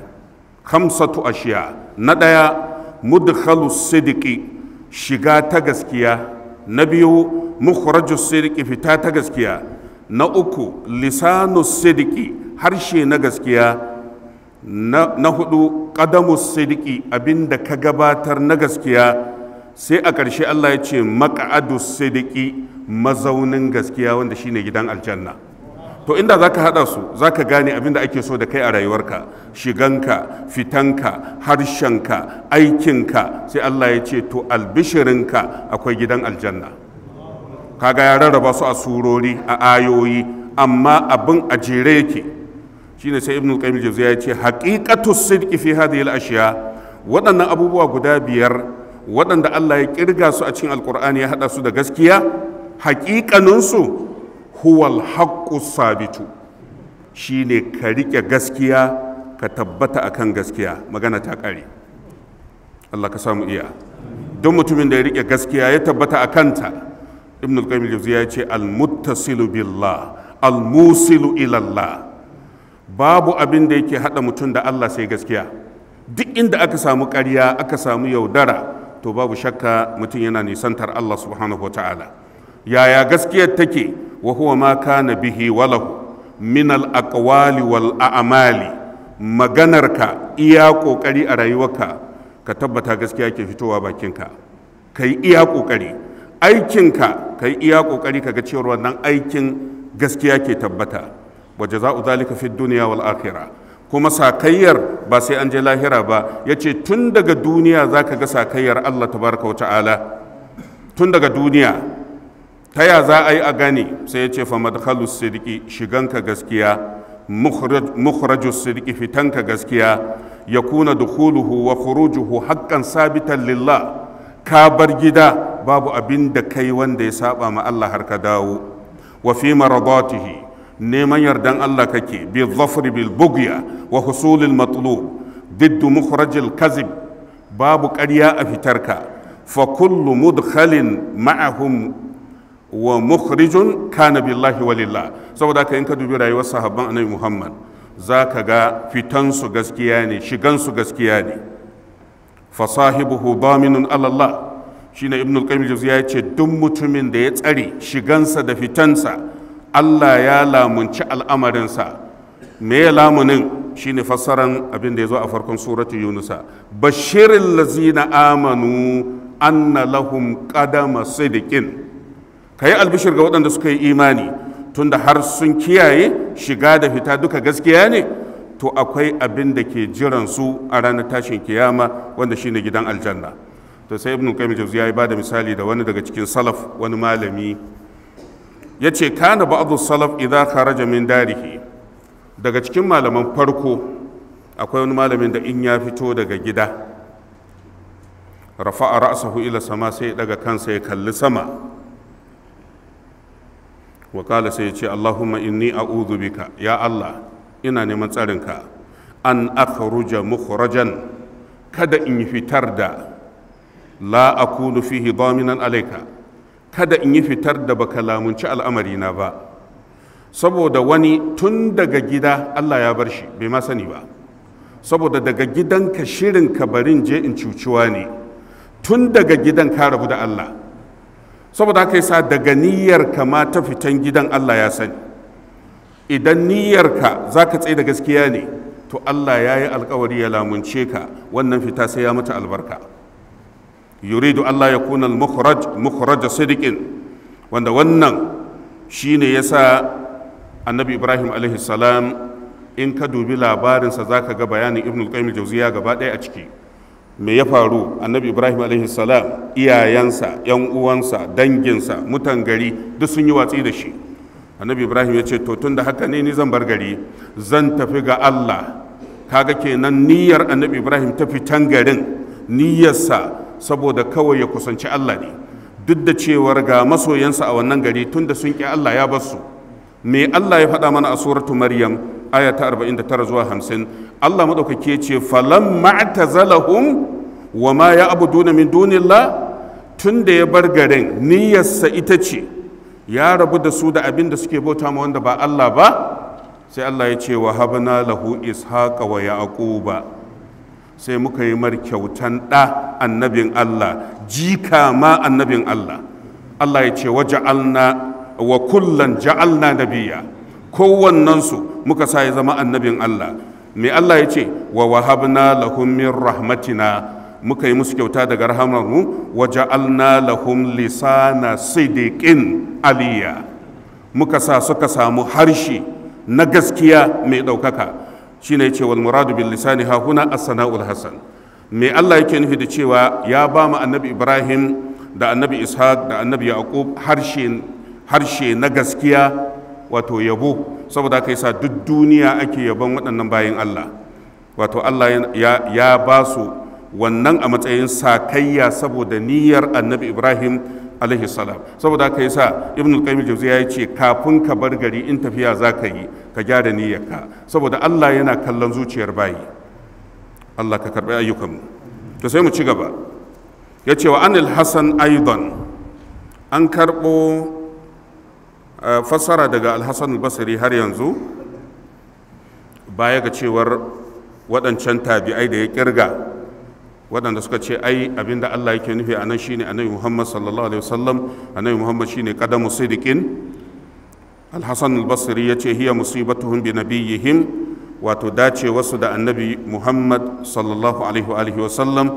hamsatu ashiya na ɗaya mudkhalu sidiki shiga ta gaskiya na biyu mukhrajus sidiki fita ta gaskiya na uku lisanu sidiki harshe na gaskiya na hudu ƙadamu sidiki abinda ka gabatar na gaskiya sai a ƙarshe Allah ya ce maƙa'adu sidiki mazaunin gaskiya wanda shine gidan aljanna to inda za ka haɗa su za ka gane abinda ake so da kai a rayuwarka shiganka fitanka harshenka aikinka sai Allah ya ce to albishirinka akwai gidan aljanna kaga ya rarraba su a surori a ayoyi amma abin a jere yake shine sai ibnu qayyim jawziya ya ce haqiqatu sidqi fi hadhihi al-ashiya waɗannan abubuwa guda biyar waɗanda Allah ya kirga su a cikin alqur'ani ya hada su da gaskiya haƙiƙanin su huwal haqqu sabitu shine ka rike gaskiya ka tabbata akan gaskiya magana ta ƙare Allah ka samu iya don mutumin da ya rike gaskiya ya tabbata a kanta ibn al-qayyim ya ce al-muttasilu billah al-musilu ila Allah babu abin da yake hada mutum da Allah sai gaskiya duk inda aka samu ƙarya aka samu yaudara to babu shakka mutum yana nisantar Allah subhanahu wataala yaya gaskiyar take wa huwa ma kana bihi walahu min al-aqwali wal a'mali maganarka iya kokari a rayuwarka ka tabbata gaskiya ke fitowa bakinka kai iya kokari aikinka ka yi iya kokari ka ga cewar wannan aikin gaskiya ke tabbata wa zau zalika fi duniya wal akhirah kuma sakayyar ba sai an je lahira ba yace tun daga duniya za ka ga sakayyar Allah ta baraka wa ta'ala tun daga duniya ta ya za a yi a gane sai yace fa madkhalus sidqi shiganka gaskiya mukhrajus sidqi fitanka gaskiya ya yakuna dukhuluhu wa khurujuhu haqqan sabitan lillah ka bar gida babu abin da kai wanda ya saba ma Allah har ka dawo wa fi maradatihi neman yardan Allah kake bi dhafri bil bughya wa husulil matlub ضد مخرج الكذب باب قرية أفتركا فكل مدخل معهم ومخرج كان بالله ولله سو ذاك إنك دبي رأي وصحابة أنا محمد ذاك جاء في تنسو غسكياني شغنسو غسكياني فصاحبه ضامن على الله shine ibn al-qayyim ya ce duk mutumin da ya tsare shigansa da fitansa Allah ya lamunci al'amarinsa me ya lamunin shine fassaran abin da ya zo a farkon suratu yunusa bashirin lazina amanu anna lahum qadama sidiqin kai albishir ga waɗanda suka yi imani tunda har sun kiyaye shiga da fita duka gaskiya ne to akwai abin da ke jiran su a ranar tashin kiyama wanda shine gidan aljanna to sai ibn qayyim jawziya ya da misali da wani daga cikin salaf wani malami yace kana ba'dhu salaf idza kharaja min darihi daga cikin malaman farko akwai wani malamin da in ya fito daga gida rafa'a ra'sahu ila sama sai daga kansa ya kalli sama wa kala sai ya ce allahumma inni a'udhu bika ya allah ina neman tsarinka an akhruja mukhrajan kada in fitar da la akunu fihi daminan alaika kada in yi fitar da baka lamunci al'amarina ba saboda wani tun daga gida Allah ya bar shi bai ma sani ba saboda daga gidanka shirin ka barin je in cuciwa ne tun daga gidan ka rabu da Allah saboda haka yasa daga niyyarka ma ta fitan gidan Allah ya sani idan niyyarka za ka tsaye da gaskiya ne to Allah ya yi alkawari ya lamunce ka wannan fita sai ya mata albarka yuridu Allah ya kuna mukhraj mukhraj sidiqin wanda wannan shine yasa annabi Ibrahim alaihi salam in ka dubi labarinsa zaka ga bayanin Ibn al-Qayyim al gaba ɗaya a ciki me ya faru annabi Ibrahim alaihi salam iyayensa yan uwansa danginsa mutan gari duk sun yi watsi da shi annabi Ibrahim ya ce to tun da haka ne ni zan bar gari zan tafi ga Allah kaga kenan niyyar annabi ibrahim ta fitan garin niyyarsa saboda kawai ya kusanci Allah ne duk da cewar ga masoyansa a wannan gari da sun ƙi Allah ya basu me Allah ya faɗa mana a suratu Maryam aya ta 49 zuwa 50 Allah madaukake ya ce falam ma'tazalahum wa ma ya'buduna min dunillah tunda ya bar garin niyyarsa ita ce ya rabu da su da abin da suke bauta ma wanda ba Allah ba sai Allah ya ce wa habna lahu ishaqa wa yaquba sai muka yi mar kyautan ɗa annabin Allah jika ma annabin Allah Allah ya ce wa ja'alna wa kullan ja'alna nabiya kowannensu muka sa ya zama annabin Allah mai Allah ya ce wa wahabna lahum rahmatina muka yi musu kyauta daga rahamarmu wa ja'alna lahum lisana sidiqin aliya muka sa suka samu harshe na gaskiya mai ɗaukaka shine yace wal muradu bil lisani ha huna as-sana'ul hasan me Allah yake nufi da cewa ya ba mu annabi Ibrahim da annabi Ishaq da annabi Yaqub harshe harshe na gaskiya wato yabo saboda kai sa duk duniya ake yabon waɗannan bayin Allah wato Allah ya, ya ba su wannan a matsayin sakayya saboda niyyar annabi Ibrahim alaihi salam saboda haka yasa ibnu qayyim jawziya ya ce kafin ka bar gari in tafiya za ka yi ka gyara niyyarka saboda Allah yana kallon zuciyar bayi Allah ka karbi ayyukanmu to sai mu ci gaba ya ce wa anil hasan aidan an karbo eh, fassara daga alhassan albasari har yanzu baya ga cewar waɗancan tabi'ai da ya kirga waɗanda suka ce ai abinda Allah yake nufi a nan shine annabi Muhammad sallallahu alaihi wasallam annabi Muhammad shine qadamu sidiqin al-Hasan al-Basri yace hiya musibatuhum bi nabiyihim wato dace wasu da annabi Muhammad sallallahu alaihi wa alihi wasallam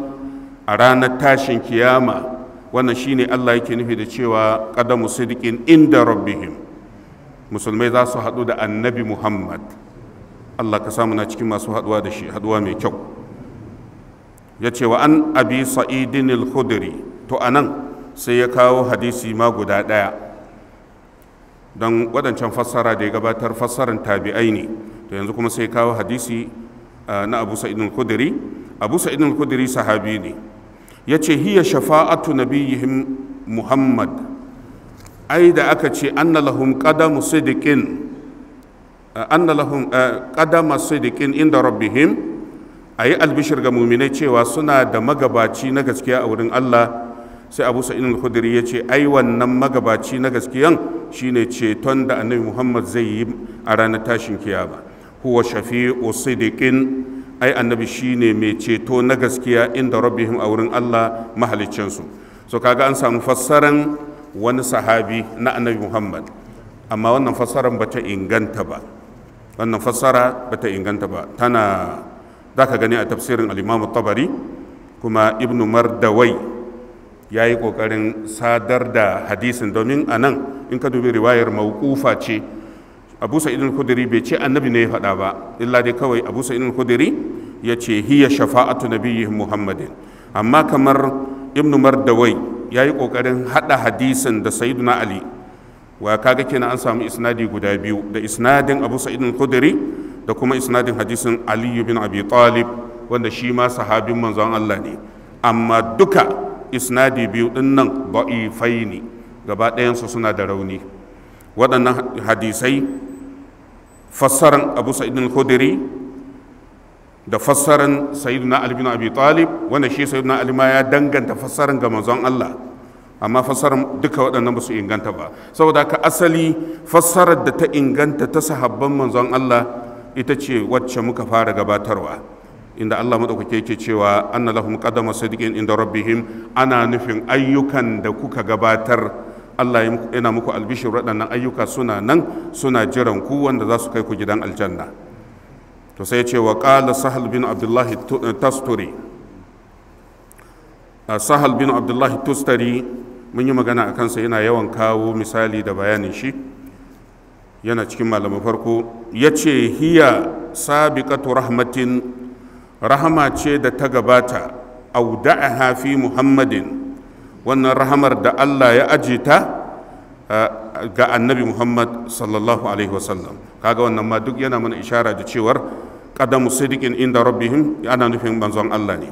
a ranar tashin kiyama wannan shine Allah yake nufi da cewa qadamu sidiqin inda rabbihim musulmai za su haɗu da annabi Muhammad Allah ka samu na cikin masu haɗuwa da shi haɗuwa mai kyau ya ce wa an abi sa'idin al-khudri to anan sai ya kawo hadisi ma guda ɗaya don waɗancan fassara da ya gabatar fassarar tabi'ai ne to yanzu kuma sai kawo hadisi na abu sa'id al-khudri abu sa'id al-khudri sahabi ne ya ce hiya shafa'atu nabiyihim muhammad ai da aka ce anna lahum qadamu sidiqin anna lahum qadama sidiqin inda rabbihim a yi albishir ga muminai cewa suna da magabaci na gaskiya a wurin Allah sai abu sa'in al-khudri ya ce ai wannan magabaci na gaskiyan shine ceton da annabi muhammad zai yi a ranar tashin kiyama huwa shafi'u sidiqin ai annabi shine mai ceto na gaskiya inda rabbihim a wurin Allah mahalicinsu so kaga an samu fassaran wani sahabi na annabi muhammad amma wannan fassaran bata inganta ba wannan fassara bata inganta ba tana za ka gani a tafsirin al'imamu tabari kuma ibnu mardawai ya yi ƙoƙarin sadar da hadisin domin a nan in ka dubi riwayar mawkufa ce abu sa'idin kudiri bai ce annabi ne ya faɗa ba illa dai kawai abu sa'idin kudiri ya ce hiya shafa'atu nabiyyi muhammadin amma kamar ibnu mardawai ya yi ƙoƙarin haɗa hadisin da sayyiduna ali wa kaga kenan an samu isnadi guda biyu da isnadin abu sa'idin kudiri da kuma isnadin hadisin aliyu bin abi talib wanda shi ma sahabin manzon Allah ne amma duka isnadi biyu din nan da'ifai ne gaba ɗayansu suna da rauni waɗannan hadisai fassaran abu sa'id al-khudri da fassaran Sayyidina ali bin abi talib wanda shi Sayyidina ali ma ya danganta fassaran ga manzon Allah amma fassarar duka waɗannan ba su inganta ba saboda ka asali fassarar da ta inganta ta sahabban manzon Allah ita ce wacce muka fara gabatarwa inda Allah madaukake yake cewa anna lahum qadama inda rabbihim ana nufin ayyukan da kuka gabatar Allah yana muku albishir waɗannan ayyuka suna nan suna jiran ku wanda za su kai ku gidan aljanna to sai ce wa qala sahal bin abdullahi eh, tasturi sahal bin abdullahi tustari mun yi magana a kansa yana yawan kawo misali da bayanin shi yana cikin malaman farko ya ce hiya sabiqatu rahmatin rahama ce da ta gabata auda'aha fi muhammadin wannan rahamar da allah ya aje ta eh, ga annabi muhammad sallallahu alaihi wasallam kaga wannan ma duk yana mana ishara da cewar qadamu sidiqin inda rabbihim ana nufin manzon allah ne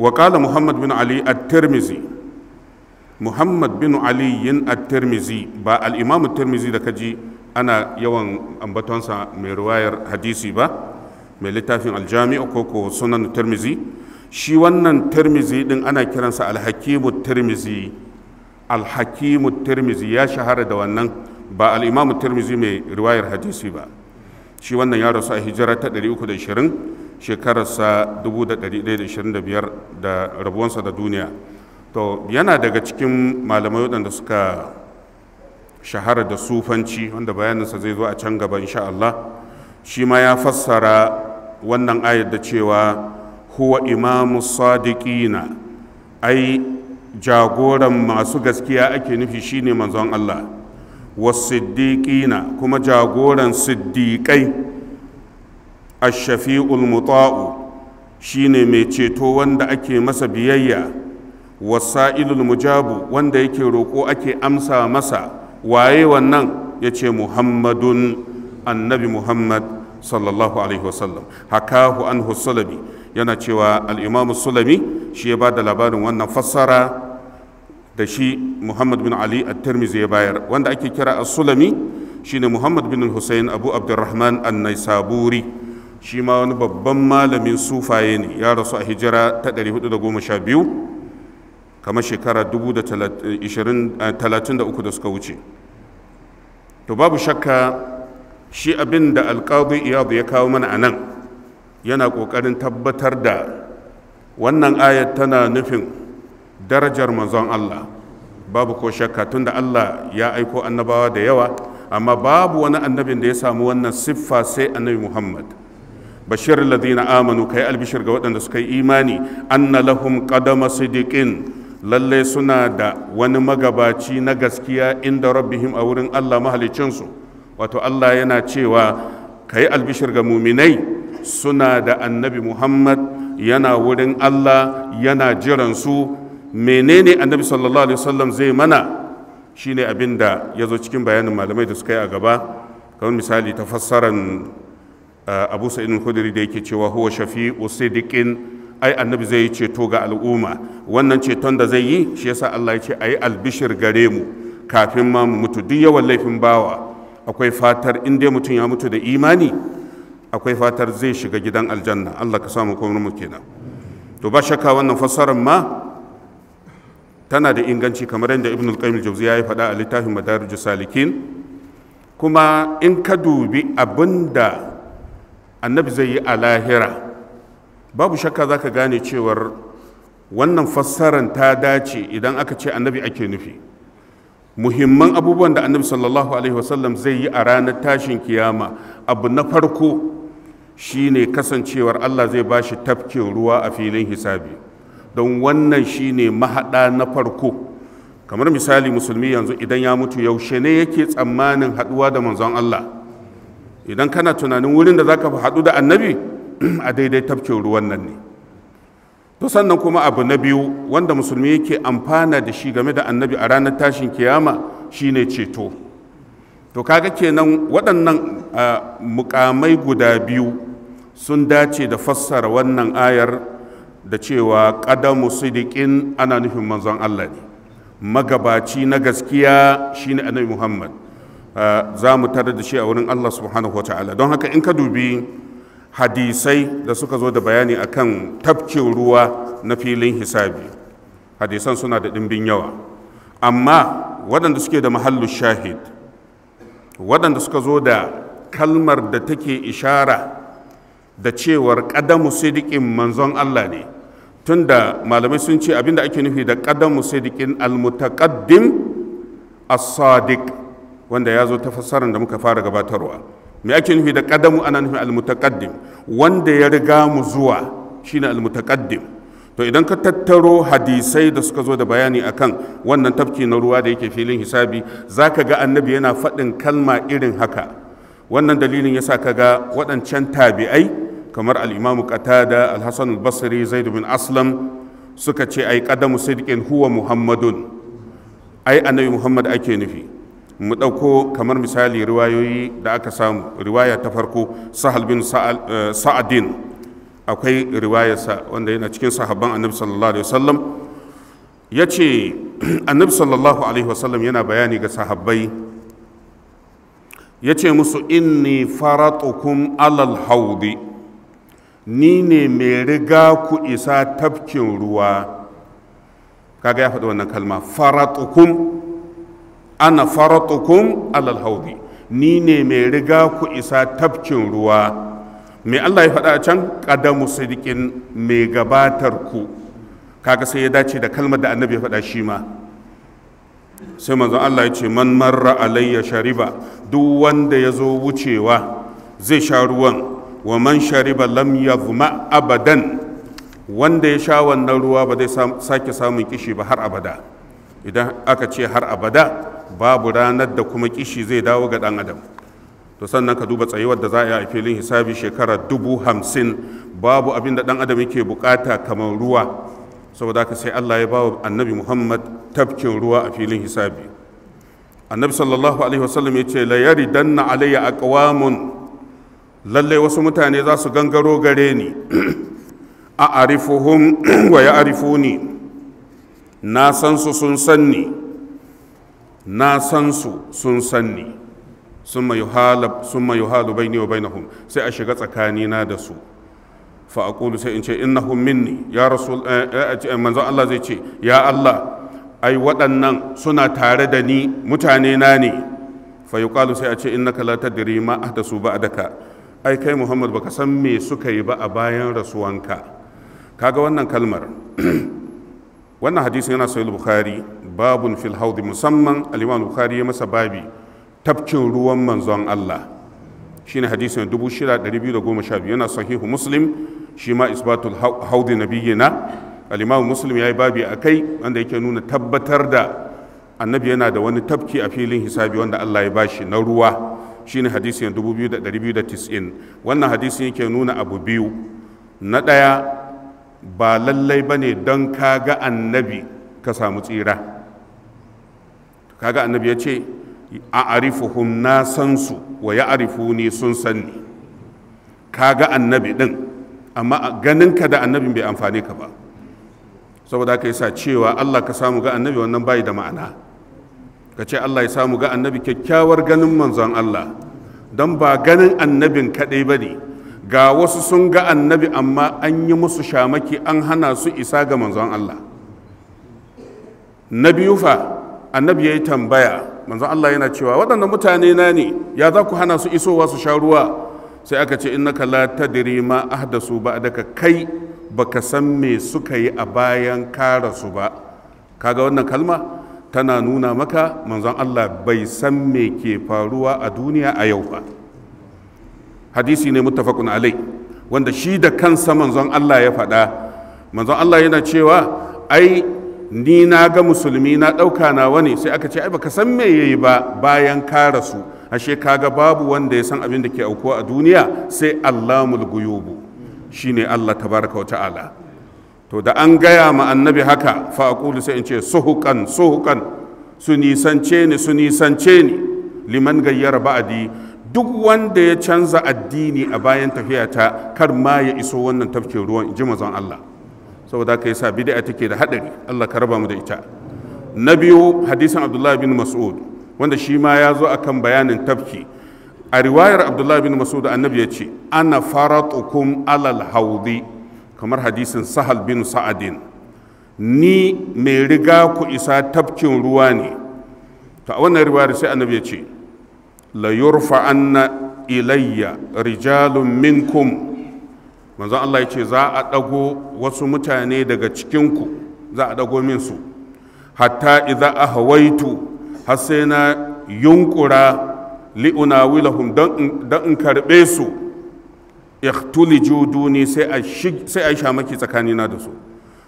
wa qala muhammad bin ali at-tirmidhi muhammad bin aliyin at-tirmizi ba al-imam tirmizi da kaji ana yawan ambatonsa mai ruwayar hadisi ba mai littafin aljami'u ko ko sunan tirmizi shi wannan tirmizi din ana kiransa al-hakimu tirmizi al-hakimu tirmizi ya shahara da wannan ba al-imam tirmizi mai riwayar hadisi ba shi wannan ya rasu a hijira ta 320 shekararsa 1125 da rabuwansa da duniya to yana daga cikin malamai waɗanda suka shahara da sufanci wanda bayaninsa zai zo a can gaba insha Allah shi ma ya fassara wannan ayar da cewa huwa imamu sadiqina ai jagoran masu gaskiya ake nufi shine manzon Allah wasiddiqina kuma jagoran siddiƙai ash-shafi'ul muta'u shine mai ceto wanda ake masa biyayya wasa'ilul mujabu wanda yake roƙo ake amsa masa waye wannan ya ce muhammadun annabi muhammad sallallahu alaihi wasallam hakahu an husulabi yana cewa al'imamu sulami shi ya ba da labarin wannan fassara da shi muhammad bin ali a tirmizi ya bayar wanda ake kira a sulami shine muhammad bin Husayn abu abdurrahman an naisaburi shi ma wani babban malamin sufaye ne ya rasu a hijira ta 412 kamar shekara 2033 eh, da suka wuce to babu shakka shi abin da alƙadu ya kawo mana a nan yana ƙoƙarin tabbatar da wannan ayat tana nufin darajar manzon Allah babu ko shakka tunda Allah ya aiko annabawa da yawa amma babu wani annabin da ya samu wannan siffa sai annabi Muhammad bashir ladina amanu kai albishir ga waɗanda suka yi imani anna lahum qadama sidiqin Lallai suna da wani magabaci na gaskiya inda rabbihim a wurin Allah mahalicinsu wato Allah yana cewa ka yi albishir ga muminai suna da annabi Muhammad yana wurin Allah yana jiransu menene annabi sallallahu alaihi wasallam zai mana shine abin da ya zo cikin bayanin malamai da suka yi a gaba kamar misali ta fassaran uh, abu sa'id da yake cewa huwa shafi'u sidiqin ai annabi zai yi ceto ga al'umma wannan ceton da zai yi shi yasa Allah ya ce ayi albishir gare mu kafin ma mu mutu duk yawan laifin bawa akwai fatar in dai mutum ya mutu da imani akwai fatar zai shiga gidan aljanna Allah ka samu komai mu kenan to ba shakka wannan fassarar ma tana da inganci kamar yadda ibn al-qayyim jawziya ya faɗa a littafin madarijus salikin kuma in ka dubi abinda annabi zai yi a lahira babu shakka za ka gane cewar wannan fassaran ta dace idan aka ce annabi ake nufi muhimman abubuwan da annabi sallallahu alaihi wasallam zai yi a ranar tashin kiyama abu na farko shine kasancewar allah zai ba shi tafkin ruwa a filin hisabi don wannan shine mahaɗa na farko kamar misali musulmi yanzu idan ya mutu yaushe ne yake tsammanin haɗuwa da manzon allah idan kana tunanin wurin da zaka haɗu da annabi a daidai tafkin ruwan nan ne to sannan kuma abu na biyu wanda musulmi yake amfana da shi game da annabi a ranar tashin kiyama shine ceto to kaga kenan waɗannan mukamai guda biyu sun dace da fassara wannan ayar da cewa ƙadamu sidikin ana nufin manzon Allah ne magabaci na gaskiya shine annabi Muhammad za mu tare da shi a wurin Allah subhanahu wa ta'ala don haka in ka dubi hadisai da suka zo da bayani a kan tafkin ruwa na filin hisabi hadisan suna da ɗimbin yawa amma waɗanda suke da mahallu shahid waɗanda suka zo da kalmar da take ishara da cewar ƙadamu sidikin manzon Allah ne tunda malamai sun ce abinda ake nufi da ƙadamu sidikin almutaqaddim as-sadiq wanda ya zo ta fassarar da muka fara gabatarwa me ake nufi da kadamu ana nufin almutaqaddim wanda ya riga mu zuwa shine almutakaddim to idan ka tattaro hadisai da suka zo da bayani akan wannan tafki na ruwa da yake filin hisabi zaka ga annabi yana faɗin kalma irin haka wannan dalilin yasa ka ga waɗancan tabi'ai kamar al-imamu qatada al-hasan al-basri zaid bin aslam suka ce ai kadamu sidqin huwa muhammadun ai annabi muhammad ake nufi mu ɗauko kamar misali riwayoyi da aka samu riwaya ta farko sahal bin eh, sa'adin akwai riwayarsa wanda yana cikin sahabban annabi sallallahu alaihi wasallam ya ce annabi sallallahu alaihi wasallam yana bayani ga sahabbai ya ce musu inni faratukum alal haudi ni ne mai riga ku isa tafkin ruwa kaga ya faɗi wannan kalma faratukum ana faratukum alal haudi ni ne mai riga ku isa tafkin ruwa mai Allah ya faɗa can ƙadamu sadiƙin mai gabatar ku kaga sai ya dace da kalmar da annabi ya faɗa shi ma sai manzon Allah ya ce man marra alayya shariba duk wanda ya zo wucewa zai sha ruwan wa man shariba lam yazma abadan wanda ya sha wannan ruwa ba zai sake samun kishi ba har abada idan aka ce har abada babu ranar da kuma kishi zai dawo ga dan adam to sannan ka duba tsayuwar da za a yi a filin hisabi shekara dubu hamsin babu abin da dan adam yake bukata kamar ruwa saboda haka sai Allah ya bawa annabi Muhammad tafkin ruwa a filin hisabi annabi sallallahu alaihi wasallam ya ce la yaridanna alayya aqwamun lallai wasu mutane za su gangaro gare ni a arifuhum wa ya arifuni na san su sun sanni na san su sun sanni summa yuhalu baini wa bainahum sai a shiga tsakani na da su fa aqulu sai in ce innahum minni ya rasul eh, eh, eh, manzo Allah zai ce ya Allah ai waɗannan suna tare da ni mutane na ne fa yuqalu sai a ce innaka la tadri ma ahdasu ba'daka ai kai Muhammad baka san me suka yi ba a bayan rasuwanka kaga wannan kalmar wannan hadisin yana sahih bukhari babun fil haudi musamman al-imam bukhari ya masa babi tafkin ruwan manzon Allah shine hadisin 6212 yana sahihu muslim shi ma isbatul haudi nabiyina al-imam muslim yayi babi akai wanda yake nuna tabbatar da annabi yana da wani tafki a filin hisabi wanda Allah ya bashi na ruwa shine hadisin 2290 wannan hadisin yake nuna abu biyu na daya ba lallai ba ne don ka ga annabi ka samu tsira kaga annabi ya ce a arifuhum na san su wa ya arifu ni sun san ni ka ga annabi ɗin amma ganinka da annabin bai amfani ka ba saboda yi yasa cewa Allah ka samu ga annabi wannan bayi da ma'ana ka ce Allah ya samu ga annabi kyakkyawar ganin manzon Allah don ba ganin annabin kaɗai ba ne ga wasu sun ga annabi amma an yi musu shamaki an hana su isa ga manzon Allah na biyu fa annabi ya yi tambaya manzon Allah yana cewa waɗannan mutane na ne ya za ku hana su isowa su sha ruwa sai aka ce innaka la tadri ma ahdasu ba daga kai baka san me suka yi a bayan kara su ba kaga wannan kalma tana nuna maka manzon Allah bai san me ke faruwa a duniya a yau ba hadisi ne mutafakun alai wanda shi da kansa manzon Allah ya faɗa manzon Allah yana cewa ai ni na ga musulmi na ɗauka nawa ne sai aka ce ai baka san me yayi ba bayan ka rasu ashe kaga babu wanda ya san abin da ke aukuwa a duniya sai Allahul guyubu shine Allah tabaraka wa ta'ala to da an gaya ma annabi haka fa aqulu sai in ce suhukan suhukan su nisance ni su nisance ni liman gayyara ba'adi duk wanda ya canza addini a bayan tafiya ta kar ma ya iso wannan tafkin ruwan ji mazan Allah saboda haka yasa bid'a take da hadari Allah ka raba mu da ita na biyu hadisin Abdullah bin Mas'ud wanda shi ma ya zo akan bayanin tafki a riwayar Abdullah bin Mas'ud annabi ya ce ana faratukum alal haudi kamar hadisin Sahal bin Sa'adin ni mai riga ku isa tafkin ruwa ne to a wannan riwayar sai annabi ya ce la anna ilayya rijalun minkum manzon Allah ya ce za a dago wasu mutane daga cikinku za a dago min su hatta idza ahwaitu har sai na yunkura li'unawilahum dan in karbe su ikhtuliju duni sai a sai a shamaki tsakanina da su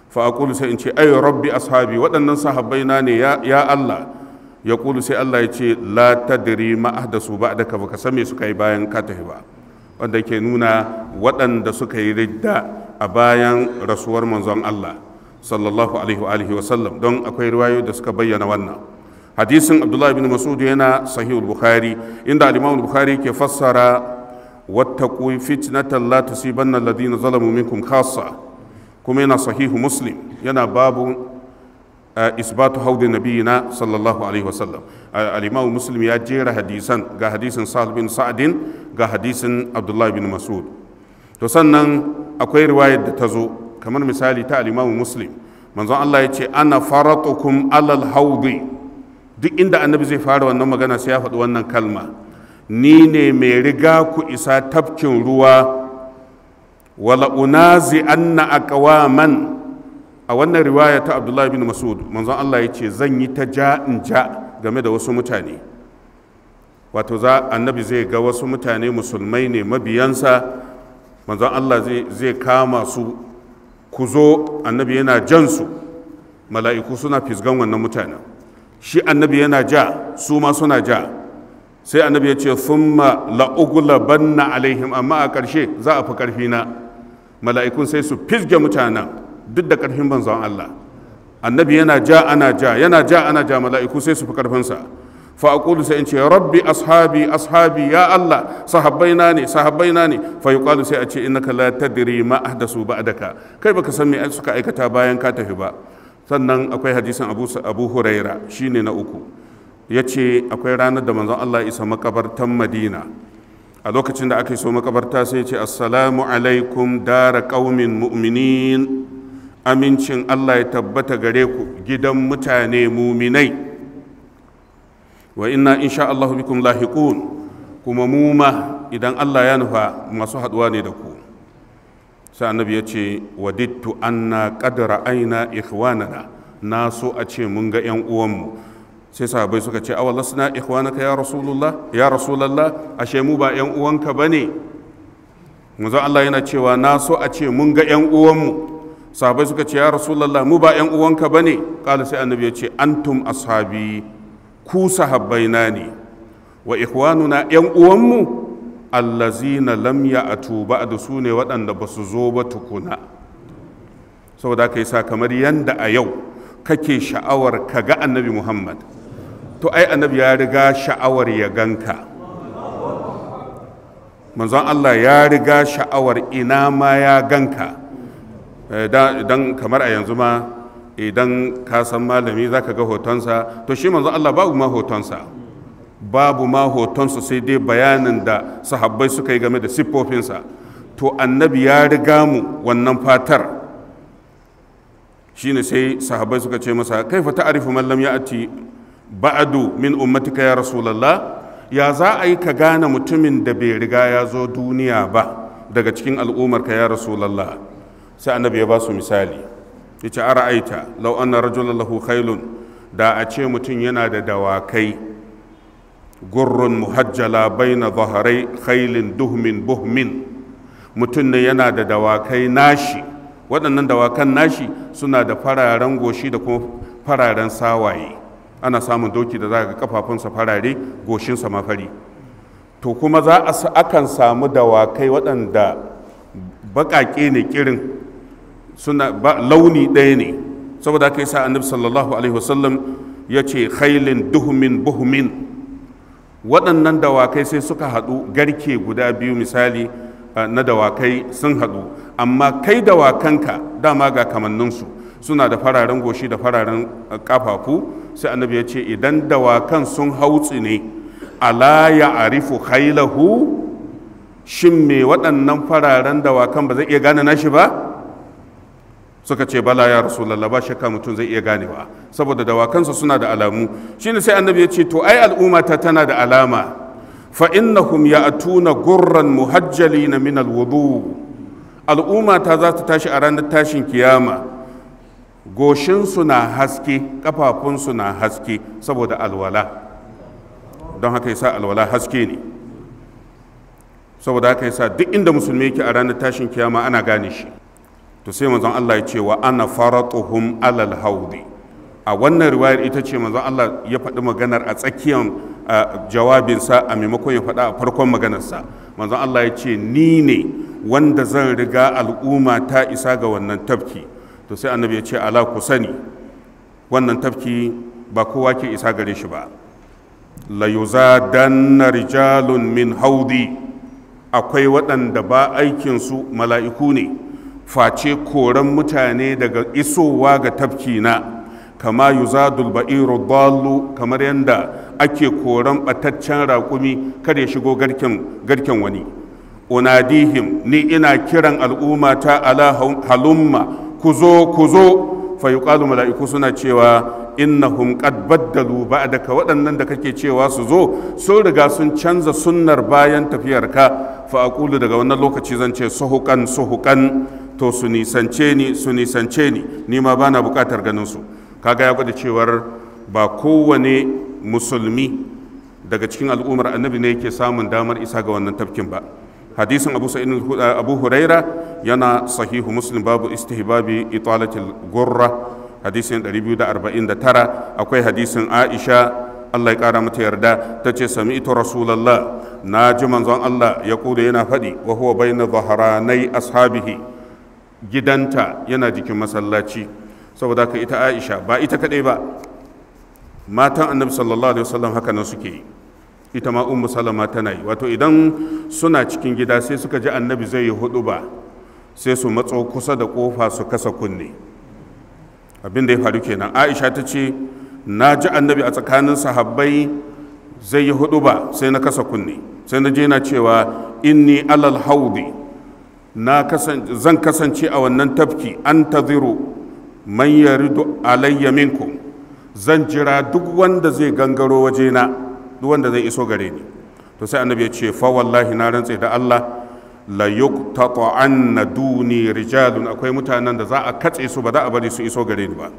fa aqulu sai in ce ay rabbi ashabi waɗannan sahabbaina ne ya Allah ya kulu sai Allah ya ce la tadri ma ahdasu ba'daka baka san me suka yi bayan ka tafi ba wanda ke nuna waɗanda suka yi ridda a bayan rasuwar manzon Allah sallallahu alaihi wa alihi wa sallam don akwai riwayoyi da suka bayyana wannan hadisin Abdullah ibn Mas'ud yana sahihul Bukhari inda al-Imam Bukhari ke fassara wattaqu fitnatan la tusibanna alladhina zalamu minkum khassa kuma yana sahihu Muslim yana babu isbatu haudi nabiyina sallallahu alaihi wasallam al-imam muslim ya jera hadisan ga hadisin sahal bin sa'adin ga hadisin abdullahi bin mas'ud to sannan akwai riwayar da ta zo kamar misali ta al-imam muslim manzon Allah ya ce ana faratukum alal haudi duk inda annabi zai fara wannan magana sai ya faɗi wannan kalma ni ne mai riga ku isa tafkin ruwa wala unazi anna aqwaman a wannan riwaya ta abdullahi bin masud manzon allah ya ce zan yi ta ja in ja game da wasu mutane wato za annabi zai ga wasu mutane musulmai ne mabiyansa manzon allah zai kama su ku zo annabi yana jan su mala'iku suna fisgan wannan mutanen shi annabi yana ja su ma suna ja sai annabi ya ce thumma la'ugula banna alaihim amma a ƙarshe za a fi ƙarfina mala'ikun sai su fisge mutanen duk da ƙarfin manzon Allah annabi yana ja ana ja yana ja ana ja mala'iku sai su fi ƙarfinsa fa aqulu sai in ce rabbi ashabi ashabi ya Allah na ne na ne fa yuqalu sai a ce innaka la tadri ma ahdasu daka kai baka san me suka aikata bayan ka tafi ba sannan akwai hadisin Abu Abu Huraira shine na uku yace akwai ranar da manzon Allah isa makabartan Madina a lokacin da aka yi so makabarta sai ce assalamu alaikum dara ƙaumin mu'minin amincin Allah ya tabbata gare ku gidan mutane muminai wa inna insha Allah bikum lahiqun kuma mu ma idan Allah ya nufa masu haduwa ne da ku sai annabi ya ce wadittu anna qadra aina ikhwanana na so a ce mun ga yan uwanmu sai sahabbai suka ce awalla suna ikhwanaka ya rasulullah ya rasulullah ashe mu ba yan uwanka bane manzo Allah yana cewa na so a ce mun ga yan uwanmu sahabai suka ce ya rasulallah mu ba 'yan uwanka ba ne ƙala sai annabi ya ce antum ashabi ku na ne wa ikhwanuna 'yan uwanmu allazina lam ya'tu da su ne waɗanda ba su zo ba tukuna saboda kai sa kamar yanda a yau kake sha'awar ka ga annabi muhammad to ai annabi ya riga sha'awar ya ganka manzon Allah ya riga sha'awar ina ma ya ganka Eh, dan kamar a yanzu ma idan ka san malami za ka ga hotonsa to shi manzo Allah babu ma hotonsa babu ma hotonsa sai dai bayanin da sahabbai suka yi game da siffofinsa to annabi ya riga mu wannan fatar shine sai sahabbai suka ce masa kai fa ta'rifu man lam ya'ti ba'du min ummatika ya rasulullah ya za a yi ka gane mutumin da bai riga ya zo duniya ba daga cikin al'ummarka ya rasulullah sai annabi ya ba su misali ya ce ara'aita lau anna rajulan lahu khailun da a ce mutum yana da dawakai gurrun muhajjala baina zaharai khailin duhmin buhmin mutum ne yana da dawakai nashi waɗannan dawakan nashi suna da fararen goshi da kuma fararen sawaye ana samun doki da za ga kafafunsa farare goshinsa mafari to kuma za a akan samu dawakai waɗanda baƙaƙe ne kirin suna launi ɗaya ne saboda haka sa annabi sallallahu alaihi wasallam ya ce khailin duhumin buhumin waɗannan dawakai sai suka haɗu garke guda biyu misali na dawakai sun haɗu amma kai dawakanka dama ga kamanninsu suna da fararen goshi da fararen kafafu sai annabi ya ce idan dawakan sun hautsi ne ala ya arifu khailahu shin me waɗannan fararen dawakan ba zai iya gane nashi ba suka ce bala ya rasulallah ba shakka mutum zai iya ganewa saboda dawakansa suna da alamu shine sai annabi ya ce to ai al'umma ta tana da alama fa innahum ya'tuna gurran muhajjalina min alwudu al'umma ta za ta tashi a ranar tashin kiyama goshinsu na haske kafafunsu na haske saboda alwala don haka yasa alwala haske ne saboda haka yasa duk inda musulmi yake a ranar tashin kiyama ana gane shi to sai manzon Allah ya ce wa ana faratuhum alal haudi a wannan riwayar ita ce manzon Allah ya faɗi maganar a tsakiyar jawabinsa a maimakon ya faɗa a farkon maganarsa manzon Allah ya ce ni ne wanda zan riga al'umma ta isa ga wannan tafki to sai annabi ya ce ala ku sani wannan tafki ba kowa ke isa gare shi ba la yuzadanna rijalun min haudi akwai waɗanda ba aikinsu mala'iku ne face koran mutane daga isowa ga tafki na kama yuzadul dalu kamar yadda ake koran bataccen raƙumi kada ya shigo garken wani unadihim ni ina kiran al'umma ta ala halumma ku zo ku zo fa yuqalu mala'iku suna cewa innahum qad baddalu ba'daka waɗannan da kake cewa su zo sun riga sun canza sunnar bayan tafiyarka fa aqulu daga wannan lokaci zan ce suhukan suhukan to su nisance ni su nisance ni ni ma bana bukatar ganin su kaga ya gwada cewar ba kowane musulmi daga cikin al'ummar annabi ne yake samun damar isa ga wannan tafkin ba hadisin abu sa'id abu huraira yana sahihu muslim babu istihbabi italatil gurra hadisin 249 akwai hadisin aisha allah ya kara mata yarda ta ce sami ita rasulallah na ji manzon allah ya kuda yana faɗi wa huwa bayna zaharanai ashabihi gidanta yana jikin masallaci saboda ka ita aisha ba ita kaɗai ba matan annabi sallallahu alaihi wasallam haka nan suke yi ita ma ummu salama tana yi wato idan suna cikin gida sai suka ji annabi zai yi hudu ba sai su matso kusa da kofa su kasa kunne abin da ya faru kenan aisha ta ce na ji annabi a tsakanin sahabbai zai yi hudu ba sai na kasa kunne sai na je na cewa inni alal haudi na zan kasance a wannan tafki an taziru man yaridu alayya minkum zan jira duk wanda zai gangaro wajena duk wanda zai iso gare ni to sai annabi ya ce fa wallahi na rantse da Allah la yuqtata na duni rijalun akwai mutanen da za a katse su ba za a bari su iso gare ni ba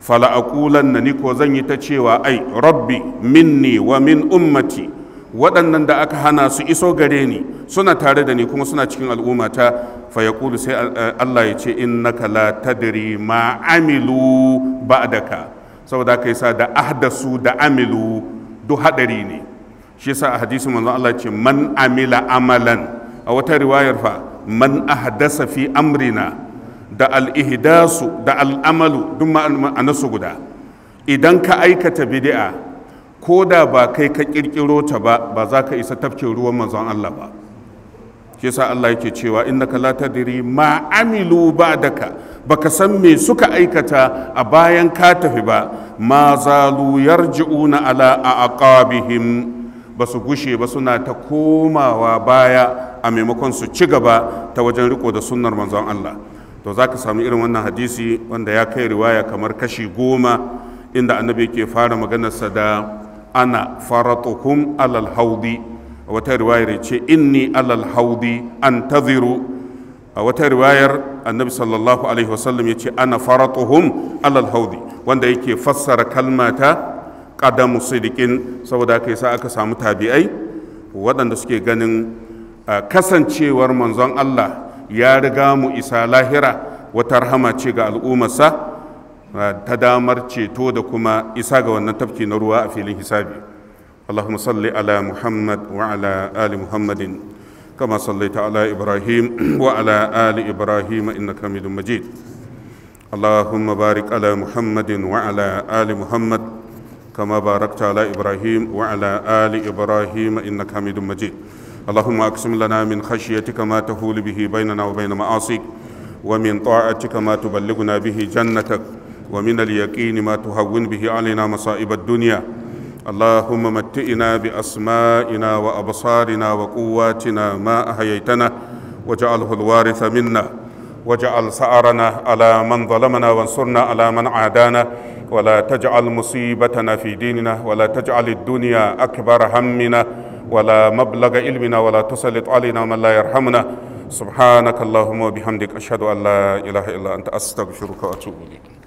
fala aqulanna ni ko zan yi ta cewa ai rabbi minni wa min ummati waɗannan da aka hana su iso gare ni suna tare da ni kuma suna cikin al'ummata fa yaqulu sai eh, Allah ya ce innaka la tadri ma amilu ba'daka saboda kai sa da ahdasu da amilu duk hadari ne shi yasa a hadisin manzon Allah ce man amila amalan a wata riwayar fa man ahdasa fi amrina da alihdasu da al'amalu duk ma'anarsu guda idan ka aikata bidi'a ko da ba kai ka kirkiro ta ba ba za ka isa tafkin ruwan manzon Allah ba ke sa Allah yake cewa innaka la tadri ma amilu ba'daka baka san me suka aikata a bayan ka tafi ba ma zalu yarji'una ala aqabihim ba su gushe ba suna ta komawa baya a maimakon su ci gaba ta wajen riko da sunnar manzon Allah to za ka samu irin wannan hadisi wanda ya kai riwaya kamar kashi goma inda annabi ke fara maganarsa da ana faratukum alal haudi a wata riwayar ce inni alal haudi an taziru a wata riwayar annabi sallallahu alaihi wasallam ya ce ana faratuhum alal haudi wanda yake fassara kalmata qadamu sidikin saboda kai sa aka samu tabi'ai waɗanda suke ganin kasancewar manzon Allah ya riga mu isa lahira wata rahama ce ga al'ummarsa ta damar ceto da kuma isa ga wannan tafki na ruwa a filin hisabi اللهم صل على محمد وعلى آل محمد كما صليت على إبراهيم وعلى آل إبراهيم إنك حميد مجيد اللهم بارك على محمد وعلى آل محمد كما باركت على إبراهيم وعلى آل إبراهيم إنك حميد مجيد اللهم أقسم لنا من خشيتك ما تهول به بيننا وبين معاصيك ومن طاعتك ما تبلغنا به جنتك ومن اليقين ما تهون به علينا مصائب الدنيا اللهم متئنا بأسمائنا وأبصارنا وقواتنا ما أحييتنا واجعله الوارث منا واجعل سعرنا على من ظلمنا وانصرنا على من عادانا ولا تجعل مصيبتنا في ديننا ولا تجعل الدنيا أكبر همنا ولا مبلغ علمنا ولا تسلط علينا من لا يرحمنا سبحانك اللهم وبحمدك أشهد أن لا إله إلا أنت أستغفرك وأتوب إليك